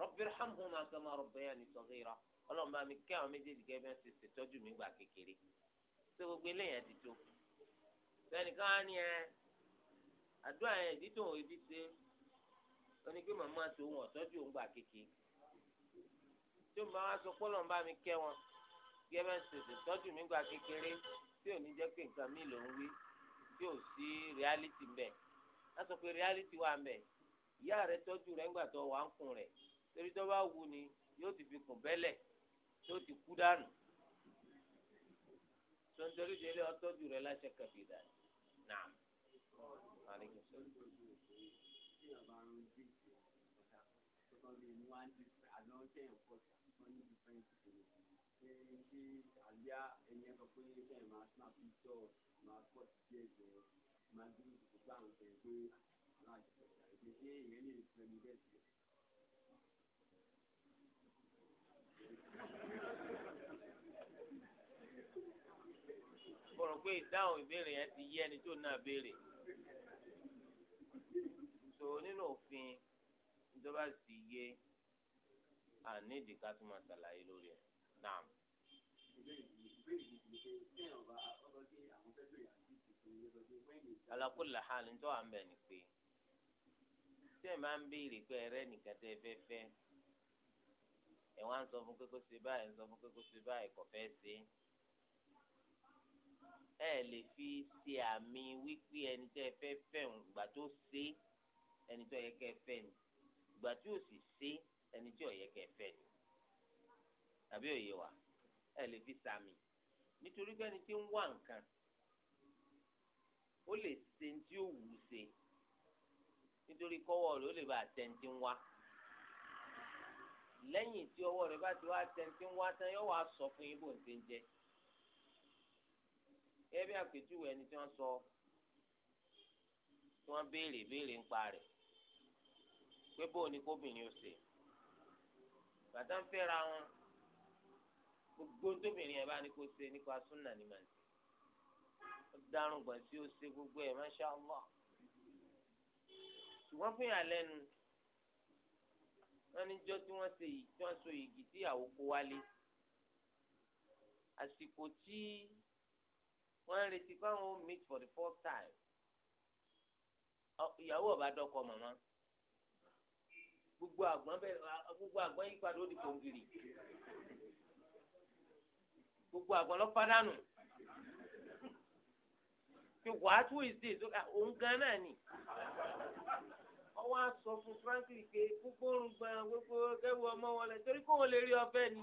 rabbi irhamhuma kama rabbayani saghira ọlọ́run bá mi kẹ́ àwọn méjèèjì gẹ́gẹ́ bí wọ́n ti ṣètọ́jú mi gbà kékeré ṣé gbogbo eléyàn ti tó sẹ́nìkan á ní ẹ àdúrà yẹn ìdí tó ń ibi ṣe oní pé màmá tó ń ọ̀tọ́jú òun gbà kékeré tó ń bá wa sọ mi kẹ́ wọn gẹ́gẹ́ ṣèṣe tọ́jú mi gba kékeré tí ò ní jẹ́ pé nǹkan mi ló ń wí tí ò sí reality mbẹ̀ láti sọ pé reality wà mbẹ̀ ìyá rẹ tọ́jú rẹ ńgbà tó wà ń kun rẹ̀ torí tó bá wù ni yóò ti fi kùn bẹ́lẹ̀ tó ti kú dànù tontori délé ọtọ́jú rẹ láṣẹ kẹfì dànù naam maaleykum tí àlíyá ẹ̀yìn ẹ̀kọ́ pé bẹ́ẹ̀ máa snap picture máa pọ̀ sí díẹ̀ jẹ́ máa dúró ìdìbò bá àwọn ọ̀sẹ̀ pé àwọn àjẹsẹ̀ ìgbé ṣé ìyẹn lè fún ẹni bẹ́ẹ̀ sí. mo rò pé ìdáhùn ìbéèrè yẹn ti yé ẹni tó náà béèrè so nínú òfin ìjọba sì yé ànídìí ká tún máa ṣàlàyé lórí ẹ̀ náà alakula ha ni tó à ń bẹ̀ ni pé tẹ́ ẹ̀ máa ń béèrè pé ẹ̀rẹ́ nìkan tẹ́ ẹ fẹ́ fẹ́ ẹ̀ wá ń sọ fún pé kó ṣe báyìí ń sọ fún pé kó ṣe báyìí kò fẹ́ ṣe ẹ lè fi ṣe àmì wípé ẹni tẹ́ ẹ fẹ́ fẹ́ ń gbà tó ṣe ẹni tó yẹ kẹ́ fẹ́ ni gbà tí sì ṣe ẹni tí ò yẹ kẹ́ ni àbí òye wa ẹ lè fi sàmì nítorí pé ẹni tí ń wá nǹkan ó lè ṣe ní tí ó wù ú ṣe nítorí kọ́wọ́ rẹ̀ ó lè bá àtẹ̀ǹtì ń wá lẹ́yìn tí ọwọ́ rẹ̀ bá ti wá àtẹ̀ǹtì ń wá tán yóò wá sọ fún yín bó ń ṣe ń jẹ́ gẹ́gẹ́ bí àpèjúwe ẹni tí wọ́n sọ tí wọ́n béèrè béèrè ń pa rẹ̀ pé bóun ni kóbìnrin ó ṣe bàtà ń fẹ́ra wọn gbogbo tóbìnrin ẹ bá ní kó ṣe nípa súnà ní màá ṣe ó dárùn gbọ̀n tí ó ṣe gbogbo ẹ̀ masha Allah ṣùgbọ́n fún ìyàlẹ́nu wọn níjọ́ tí wọ́n ṣe yìí tí wọ́n so yìgì tí ìyàwó kó wálé àsìkò tí wọ́n retí káwọn ó meet for the first time ìyàwó ọba dọ́kọ màmá gbogbo àgbọn bẹ́ẹ̀ gbogbo àgbọn yípadà ó di kòǹgìrì gbogbo àgbọn lọ fádànù pé what is this òun gan náà ni ọwọ́ á sọ fún Franklin pé gbogbo orun gbọ́n gbogbo kẹ́wù ọmọ wọn lẹ torí kóun lè rí ọfẹ́ ni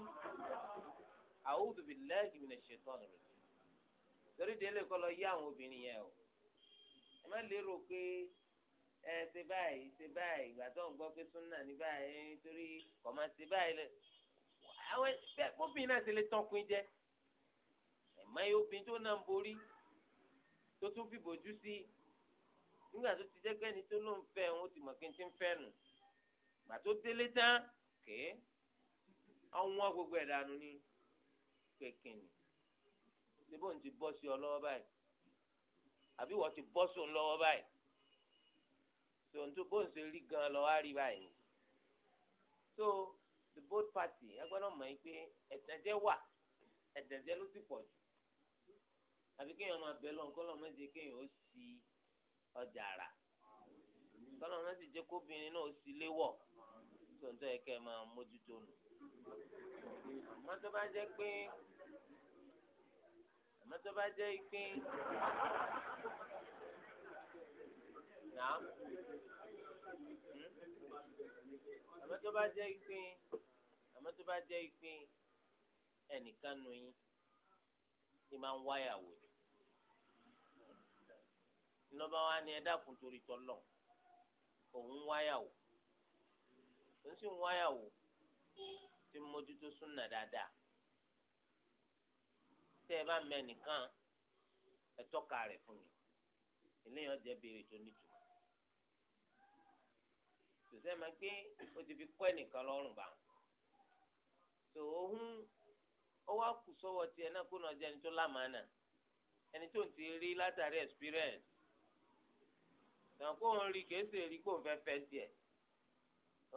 a'udhu billahi minash shaitani rajim torí délé kọ́ lọ yí àwọn obìnrin yẹn o ẹ má lérò pé ẹ ṣe báyìí ṣe báyìí ìgbà tó ń gbọ́ pé súnà ní báyìí torí kọ̀ máa ṣe báyìí lẹ àwọn bóbìnrin náà ṣe lè tọkùn jẹ́ àmọ́ obìnrin tó náà ń borí tó tún fi bòjú sí nígbà tó ti jẹ́ pé tó ló ń fẹ́ òun ti mọ̀ pé ti ń fẹ́ nù gbà tó délé tán ké ọ̀wọ́n gbogbo ẹ̀ dànù ni kékin ni síbò ń ti bọ́ sí ọ lọ́wọ́ báyìí àbí wọ́n ti bọ́ sí òun lọ́wọ́ báyìí tó ń tó bó ń ṣe rí gan lọ́wọ́ á rí báyìí so the both party ẹgbẹ́ náà mọ̀ yín pé ẹ̀tẹ̀jẹ̀ wà ẹ̀tẹ̀jẹ̀ ló ti pọ̀ jù àfi kéèyàn máa bẹ lọ́n kọ́lọ́ méje kéèyàn ó sí ọjà rà kọ́lọ́ méje jẹ́ kóbìnrin náà ó sí léwọ̀ tó ń tọ́ yẹ kẹ́ ẹ máa mójútó nù. àmọ́ tó bá jẹ́ pé àmọ́ tó hmm? àmọ́ tó bá jẹ́ pé àmọ́ tó bá jẹ́ pé ẹnìkan nù yín ni máa ń wáyàwó ni ńlọba wa ni ẹ dákun torí tọlọ òun wáyàwó òun sì ń wáyàwó tí mójútó súnà dáadáa tẹ ẹ bá mẹ nìkan ẹ tọ́ka rẹ̀ fún mi eléyàn jẹ́ béèrè tó nítumọ̀ tòṣẹ máa gbé ó ti fi kọ́ ẹnìkan lọ́rùn bá tó ohun ó wá kù sọ́wọ́ tiẹ̀ náà kó náà jẹ́ ẹni tó lámàánà ẹni tó ń ti rí látàrí experience tàǹkó ń rí kèésì rí kó ń fẹ́ fẹ́ tiẹ̀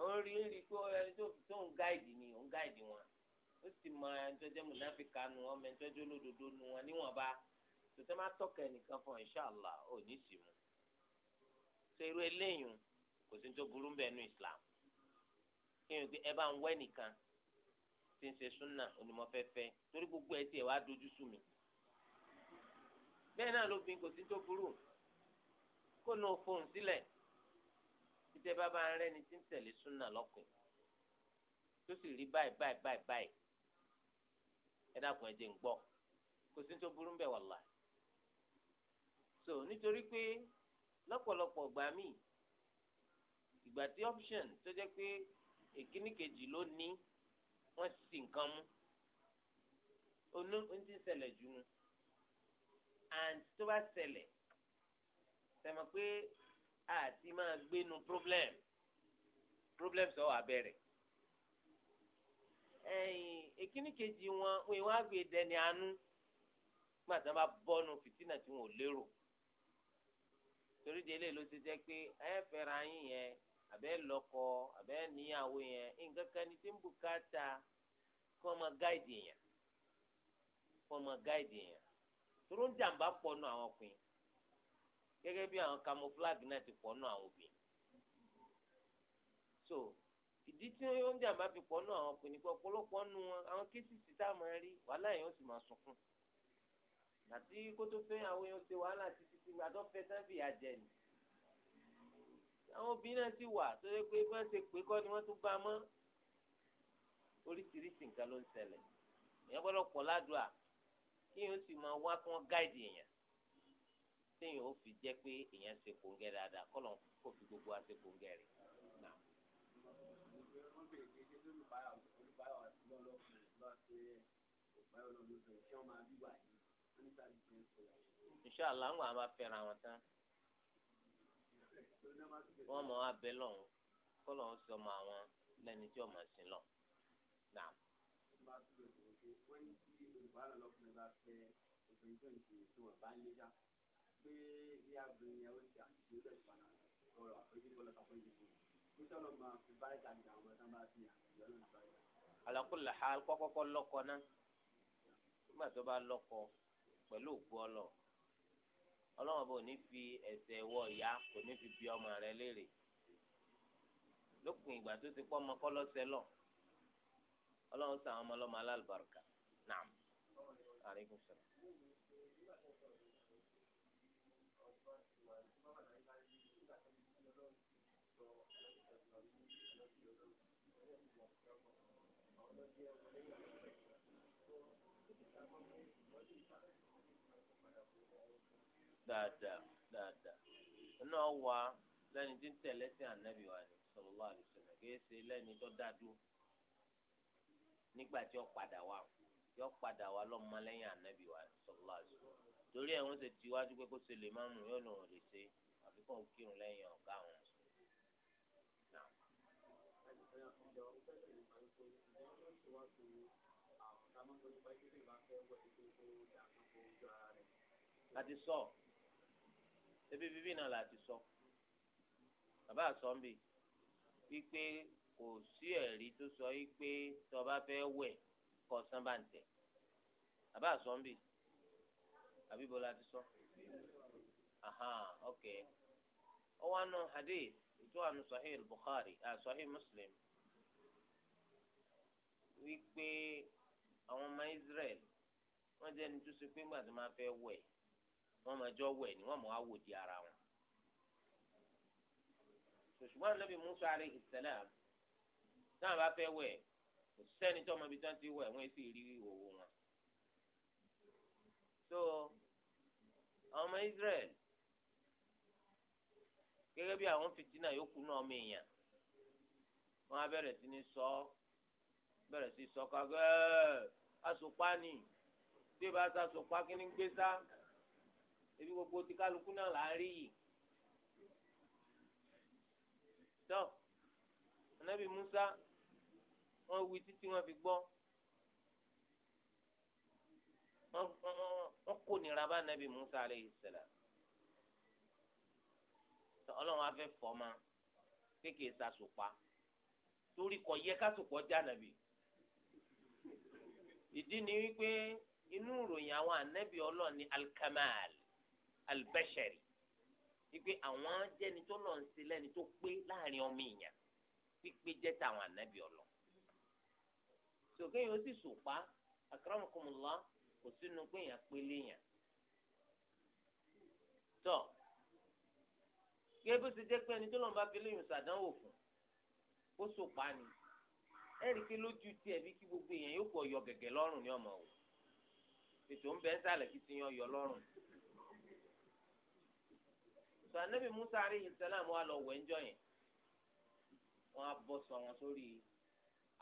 ń rí ń rí kó ẹni tó ń gáìdì ni ń gáìdì wọn ó sì mọ ẹni tó jẹ́ mùnáfíkà nu ọmọ ẹni tó jẹ́ olódodo nu wọn níwọ̀nba tòtẹ́ má tọ́ka ẹnìkan fún inṣàlá ò ní sì mú ṣe irú eléyìí kò sí tó burú bẹ́ẹ̀ nu Islam kí ni pé ẹ bá ń wẹ́ nìkan tí ń ṣe súnà onímọ̀fẹ́fẹ́ torí gbogbo ẹ tiẹ̀ wá dojú sú mi bẹ́ẹ̀ náà lóbin kò sí tó burú kó nu fóun sílẹ̀ títẹ bàbá rẹ ni tí ń tẹ̀lé súnà lọ́kùn tó sì rí báyìí báyìí báyìí báyìí ẹ dákun ẹ jẹ́ ń gbọ́ kò sí tó burú ń bẹ̀ wàlá so nítorí pé lọ́pọ̀lọpọ̀ ìgbà míì ìgbà tí option tó jẹ́ pé èkíní kejì ló ní wọ́n sì nǹkan mú onú ń ti ṣẹlẹ̀ jù nu and tó bá ṣẹlẹ̀ sẹ́mi pé àti máa gbénu problem problem sọ wà bẹ̀rẹ̀ ẹ̀yìn èkíní kejì wọn wọn wá gbé dẹni anú nígbà tí wọn bá bọ́nu fìtínà tí wọn ò lérò torí délé ló ti jẹ́ pé ẹ fẹ́ra yín yẹn àbẹ́ lọ́kọ àbẹ́ níyàwó yẹn nǹkan kan ní tí ń bùkátà kọ́ ọmọ gáìdì yẹn kọ́ ọmọ gáìdì yẹn tó ló ń jàǹbá pọ̀ àwọn ọkùnrin gẹ́gẹ́ bí àwọn camouflage náà ti pọ̀ nù àwọn obìnrin so ìdí tí oúnjẹ àbá fi pọ̀ nù àwọn ọkùnrin pé ọ̀pọ̀lọpọ̀ nù wọn àwọn kéṣìṣì tá a máa rí wàhálà yẹn ó sì máa sunkún àti kótó fẹ́ àwọn èèyàn ṣe wàhálà títí tí àtọ́ fẹ́ sábì àjẹ ni àwọn obìnrin náà sì wà tó yẹ pé wọ́n ṣe pé kọ́ ni wọ́n tún bá mọ́ oríṣiríṣi nǹkan ló ń ṣẹlẹ̀ èèyàn gbọ́dọ̀ pọ̀ ládùúà kí èèyàn sì máa wá kí wọ́n gáìdì èèyàn téèyàn ó fi jẹ́ pé èèyàn ṣe kòńgẹ́ dáadáa kọ́lọ̀ kó fi gbogbo wa ṣe kòńgẹ́ rẹ̀. inṣàlá ń wà á máa fẹ́ra wọn tán wọ́n mọ̀ á bẹ́ lọ́hùn kọ́lọ̀ ń sọ ọmọ àwọn lẹ́ni tí ọmọ sí lọ. Nàá pé bí abìnrin yẹn ó ṣe àṣìṣe ó tẹ̀síwá náà ọ̀rọ̀ àforíjì bọ́lá tàbí ìdìbò kó sọ̀rọ̀ máa fi báyìí tàbí àwọn ọ̀tá bá fi àṣìṣe ọlọ́run báyìí. àlàkùnlé ha kọ́kọ́kọ́ lọ́kọ náà nígbà tó bá lọ́kọ pẹ̀lú òkú ọlọ ọlọ́run bò ní fi ẹ̀ṣẹ̀ wọ ìyá kò ní fi bí ọmọ rẹ léèrè lópin ìgbà tó ti pọ́ ọmọ kọ́ lọ́sẹ̀ lọ ọlọ́run sàn ọmọ ọlọ́mọ alálùbáràkà náà àríkùn dáadáa dáadáa náà wà lẹ́ni tí ń tẹ̀lé sí ànábì wa ni sallallahu alaihi wasallam kìí ṣe lẹ́ni tó dáadó nígbà tí ó padà wá yóò padà wá lọ́mọ lẹ́yìn ànábì wa ni sallallahu alaihi wasallam torí ẹ̀ wọ́n ṣe ti wájú pé kó ṣe lè má mú yóò lòun lè ṣe àfi kàn kírun lẹ́yìn ọ̀gá àwọn mùsùlùmí. láti sọ ebi bíbí náà láti sọ bàbá àsọ̀nbì wípé kò sí ẹ̀rí tó sọ wípé tọba fẹ́ wẹ̀ kọ sánbà ń tẹ̀ bàbá àsọ̀nbì àbíbo láti sọ ahan ok ọwọ́ àánú hadith ètò àánú sahih Bukhari ah sahih Muslim wípé àwọn ọmọ Israel wọ́n jẹ́ ẹni tó ṣe pé ńgbà tó máa fẹ́ wẹ̀ wọ́n máa jọ wẹ̀ ni wọ́n máa wò di ara wọn. ṣùgbọ́n Ànábì Musa alayhi salam náà bá fẹ́ wẹ̀ kò sẹ́ni tó ọmọ ibi tó ń ti wẹ̀ wọ́n sì rí òwò wọn. so àwọn ọmọ Israel gẹ́gẹ́ bí àwọn fìtínà yòókù náà ọmọ èèyàn wọ́n á bẹ̀rẹ̀ sí ní sọ ọ́ bẹ̀rẹ̀ sí sọ́kà gẹ́ẹ́ asopá ni tí ìbá sa sopá kí ni ń gbé sá ebi gbogbo ti kálukú náà là á rí yìí. tọ́ anabi Musa wọ́n wí títí wọ́n fi gbọ́ wọ́n kò nira bá anabi Musa aleyhi salam ọlọ́run afẹ́ fọ́ ma kéèké sasopá torí kò yẹ kásopọ̀ já nàbì ìdí ni wípé inú ìròyìn àwọn ànábì Ọlọ́run ni alkamal albashari wípé àwọn jẹ́ni tó lọ́n ṣe lẹ́ni tó pé láàrin ọmọ èèyàn pípé jẹ́ tàwọn ànábì Ọlọ́run sòkè yìí ó sì sòpá akérèmọkùnmùlá kò sínú pé èèyàn pé léèyàn tọ kí ebi ti jẹ́ pé ẹni tó lọ́n bá fi léèyàn ṣàdánwò fún kó sòpá ni ẹ̀rí pé lójú tiẹ̀ bí kí gbogbo èèyàn yóò pọ̀ yọ gẹ̀gẹ̀ lọ́rùn ní ọmọ o ètò ń bẹ ń sàlẹ̀ kí ti yan yọ lọ́rùn. sọ anábì Musa alayhi salam wa lọ wẹ̀ ńjọ yẹn wọ́n á bọ́ sọ sórí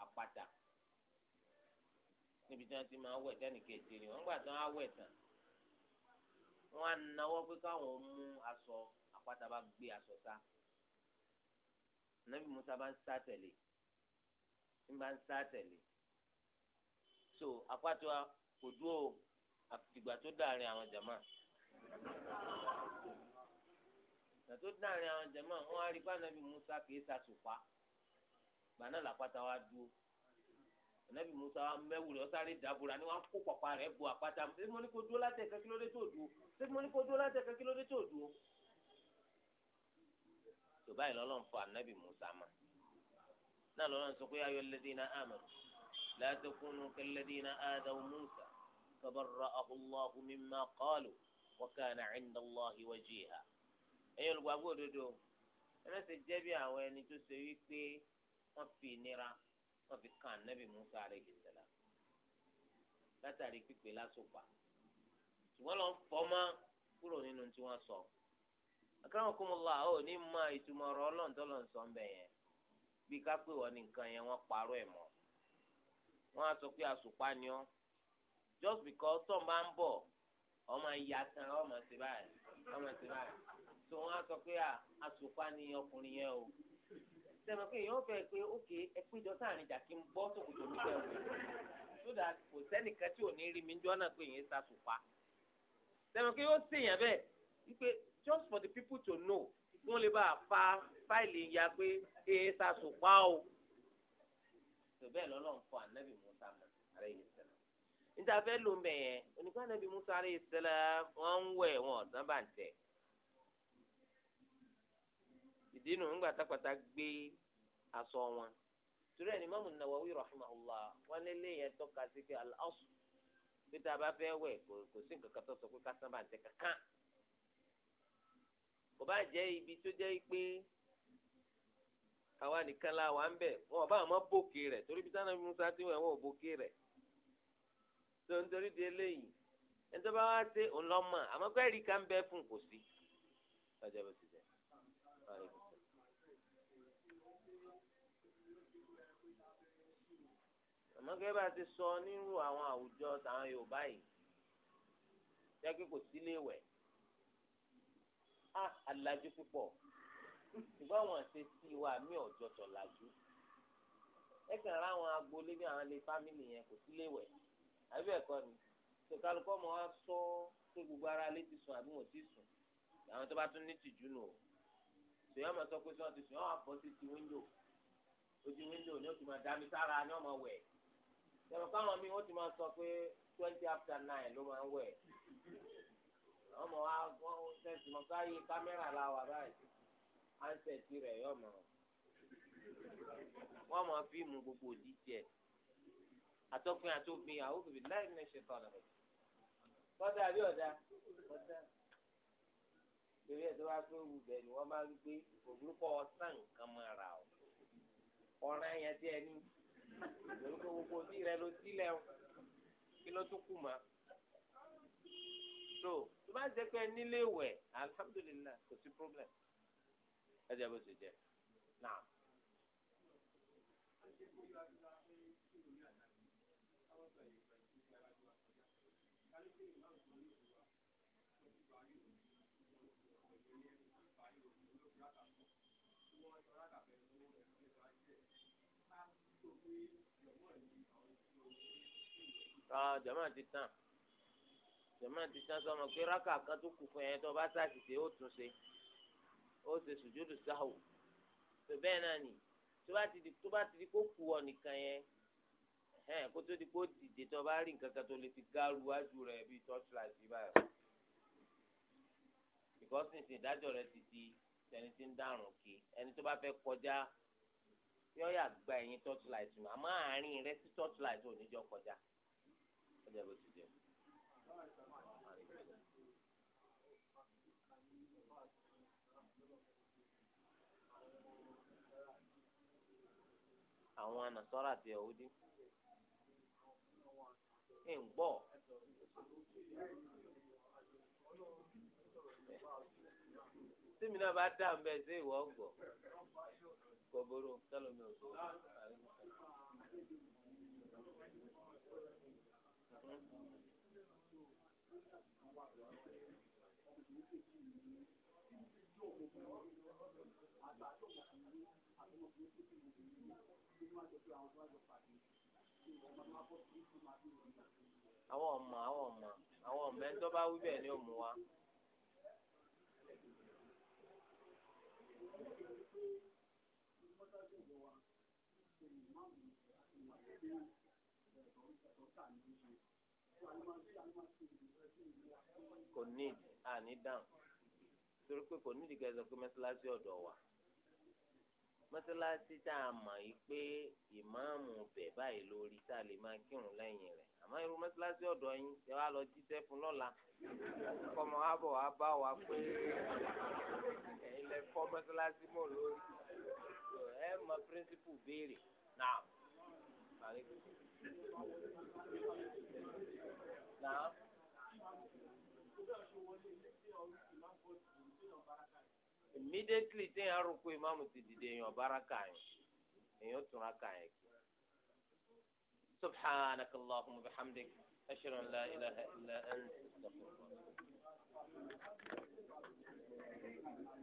àpáta níbi tí wọ́n ti máa wẹ̀ tẹ́nìkejì ni wọ́n gbà tí wọ́n á wẹ̀ tán wọ́n á náwó pé káwọn mú aṣọ àpáta bá gbé aṣọ sá anábì Musa bá ń sá tẹ̀lé ń bá ń sá tẹ̀lé so apátó kò dúró ìgbà tó dàrin àwọn jama ìgbà tó dàrin àwọn jama wọn á rí pé musa kì í sàtùpá gbaná làpáta wa dúró anabi musa wa mẹwù rẹ ọsàrè dàbúrà ni wọn kó pàpà rẹ bu àpáta ṣé mo ní kó dúró láti ẹ̀ka kílódé tó dúró ṣé mo ní kó dúró láti ẹ̀ka kílódé tó dúró. tó báyìí lọ́lọ́ ń fọ anabi musa máa náà lọ́nà sọ pé ayọ̀ lẹ́dínà amanu la takunu kẹlẹ́dínà adaw musa tabarra'ahu Allahu mimma qalu wa kana 'inda Allahi wajiha. ẹ̀yin olùgbàgbọ́ òdodo ẹlẹ́sẹ̀ jẹ́ bí àwọn ẹni tó ṣe wípé wọ́n fi ìnira wọ́n fi kan Nabi Musa alayhi salam látàrí pípé lásòpà ṣùgbọ́n lọ́n fọ́mọ́ kúrò nínú tí wọ́n sọ. akérèmọ́kùnmọ́lá bí ká pè wọ́n ní yẹn wọ́n parọ́ ẹ̀ mọ́ wọ́n á sọ pé àsùpá ni ọ́ just because tó ń bá ń bọ̀ ọmọ ìyá tán ọmọ ti báyìí máa ṣe báyìí tó wọ́n á sọ pé àsùpá ni ọkùnrin yẹn o sẹ́mi pé èèyàn fẹ́ pé ókè ẹ péjọ sáàrin jà kí n bọ́ sòkòtò mi bẹ́ẹ̀ wò so that kò sẹ́nìkan tí ò ní rí mi ń jọ́ pé èèyàn sàsùpá sẹ́mi pé ó sèèyàn bẹ́ẹ̀ wípé just for the people to know kí wọ́n lè bá a fa fáìlì ya pé ee sàṣùpá o tòbẹ́ lọ́lọ́run fọ ànábì Musa alayhi salam níta fẹ́ ló mẹ́ yẹn onígbà ànábì Musa alayhi salam wọ́n ń wẹ̀ wọn ọ̀sán bá ń tẹ̀ ìdínú ńgbà tápàtà gbé aṣọ wọn torí ẹni Imam Nawawi rahimahullah wọn lé léyìn tọ́ka sí pé al-asl pété a bá fẹ́ wẹ̀ kò sí nǹkan kan tó sọ pé kò bá jẹ́ ibi tó jẹ́ pé àwa nìkan la wà ń bẹ̀ wọn ò bá àmọ́ bòkè rẹ̀ torí bí sanabi musa ti wẹ̀ wọn ò bòkè rẹ̀ tó ń torí di eléyìí ẹni tó bá wá sí ọlọ́mọ àmọ́ pé ẹ̀rí kan bẹ́ fún kò sí ọjọ́ bó ti jẹ́ àmọ́ gẹ́gẹ́ bá ti sọ nírú àwọn àwùjọ tàwọn Yorùbá yìí jẹ́ pé kò sílé wẹ̀ á alájú púpọ̀ ṣùgbọ́n àwọn àṣẹ sí wa mí ọ̀jọ̀ tọ̀ làjú ẹ kàn rà àwọn agboolé bí àwọn ilé fámìlì yẹn kò sílé wẹ̀ àbí ẹ̀kọ́ ni tòkálùkọ́ ọmọ wa sọ pé gbogbo ara lè ti sùn àbí mo ti sùn àwọn tó bá tún ní tìjú nù o sèyí ọmọ sọ pé sọ ti sùn ọ àbọ̀ sí ti wíńdò ojú wíńdò ni ó ti máa dámi sára ni ọmọ wẹ̀ tẹ̀wọ̀n káwọn mi ó ti máa sọ pé twenty after nine ló máa ń wẹ̀ ọmọ wa wọ́n tẹ̀sí mọ́ sáyé kámẹ́rà la wà báyìí ánsẹ̀tì rẹ̀ yọ̀ mọ́ wọ́n mọ fíìmù gbogbo òdì tiẹ̀ àtọ́fin àtọ́fin àwọn òbí láì ní ṣe tọ̀nà rẹ̀ kọ́dà àbí ọ̀dà kọ́dà torí ẹ̀ tó wá pé ewu bẹ̀ ni wọ́n máa ń gbé òbúrúkọ ọ̀sán nǹkan máa rà ọ́ ọ̀ràn yẹn tí ẹ ní òbúrúkọ gbogbo òdì rẹ̀ ló sílẹ̀ kí ló tún kù mọ́ bá ń jẹ́ pé nílé wẹ̀ alhamdulilayi kò sí problem ẹ jẹ́ bó ṣe jẹ́ náà. Ah, jama ti tán jọmọ ti tán sọmọ pé rákà kan tó kù fún yẹn tó bá ṣàṣìṣe ó tún ṣe ó ṣe sùjúdù sáwù tó bẹ́ẹ̀ náà nì tó bá ti di tó bá ti di kó kù ọ nìkan yẹn ẹ̀hẹ́n kó tó di kó dìde tó bá rí nǹkan kan tó lè fi gáàrú wájú rẹ̀ bíi torchlight báyìí because nsìn ìdájọ́ rẹ̀ ti di ẹni tí ń dárùn kí ẹni tó bá fẹ́ kọjá yọ yà gba ẹ̀yìn torchlight mi àmọ́ àárín rẹ̀ sí torchlight ò ní jọ kọjá ọjọ́ bó àwọn anasọ́rọ̀ àti yahudi ń gbọ́ tèmi náà bá dá mbẹ ṣé ìwọ gbọ́ kọboro sálọmi ọgbọ. Thank you àwọn ọmọ àwọn ọmọ àwọn ọmọ ẹni tó bá wí bẹ́ẹ̀ ni ó mú wa. kò ní àní dáhùn torí pé kò ní ìdíkẹ́ ẹ̀sọ́ pé mẹ́sàlásí ọ̀dọ̀ wà mọ́sálásí tá a mọ̀ yìí pé ìmáàmù bẹ̀ báyìí lórí tá a lè máa kírun lẹ́yìn rẹ̀ àmọ́ irú mọ́sálásí ọ̀dọ̀ yín ẹ wá lọ jíṣẹ́ fún lọ́la kọ́mọ abọ̀ wá bá wa pé ẹ̀yin lẹ fọ́ mọ́sálásí mọ̀ lórí ẹ mọ píríncípù béèrè náà. immediately téèyàn rúkú ìmáàmù ti dìde èèyàn bára kàyàn èèyàn túnra kàyàn kí. سبحانك اللهم وبحمدك أشهد أن لا إله إلا أنت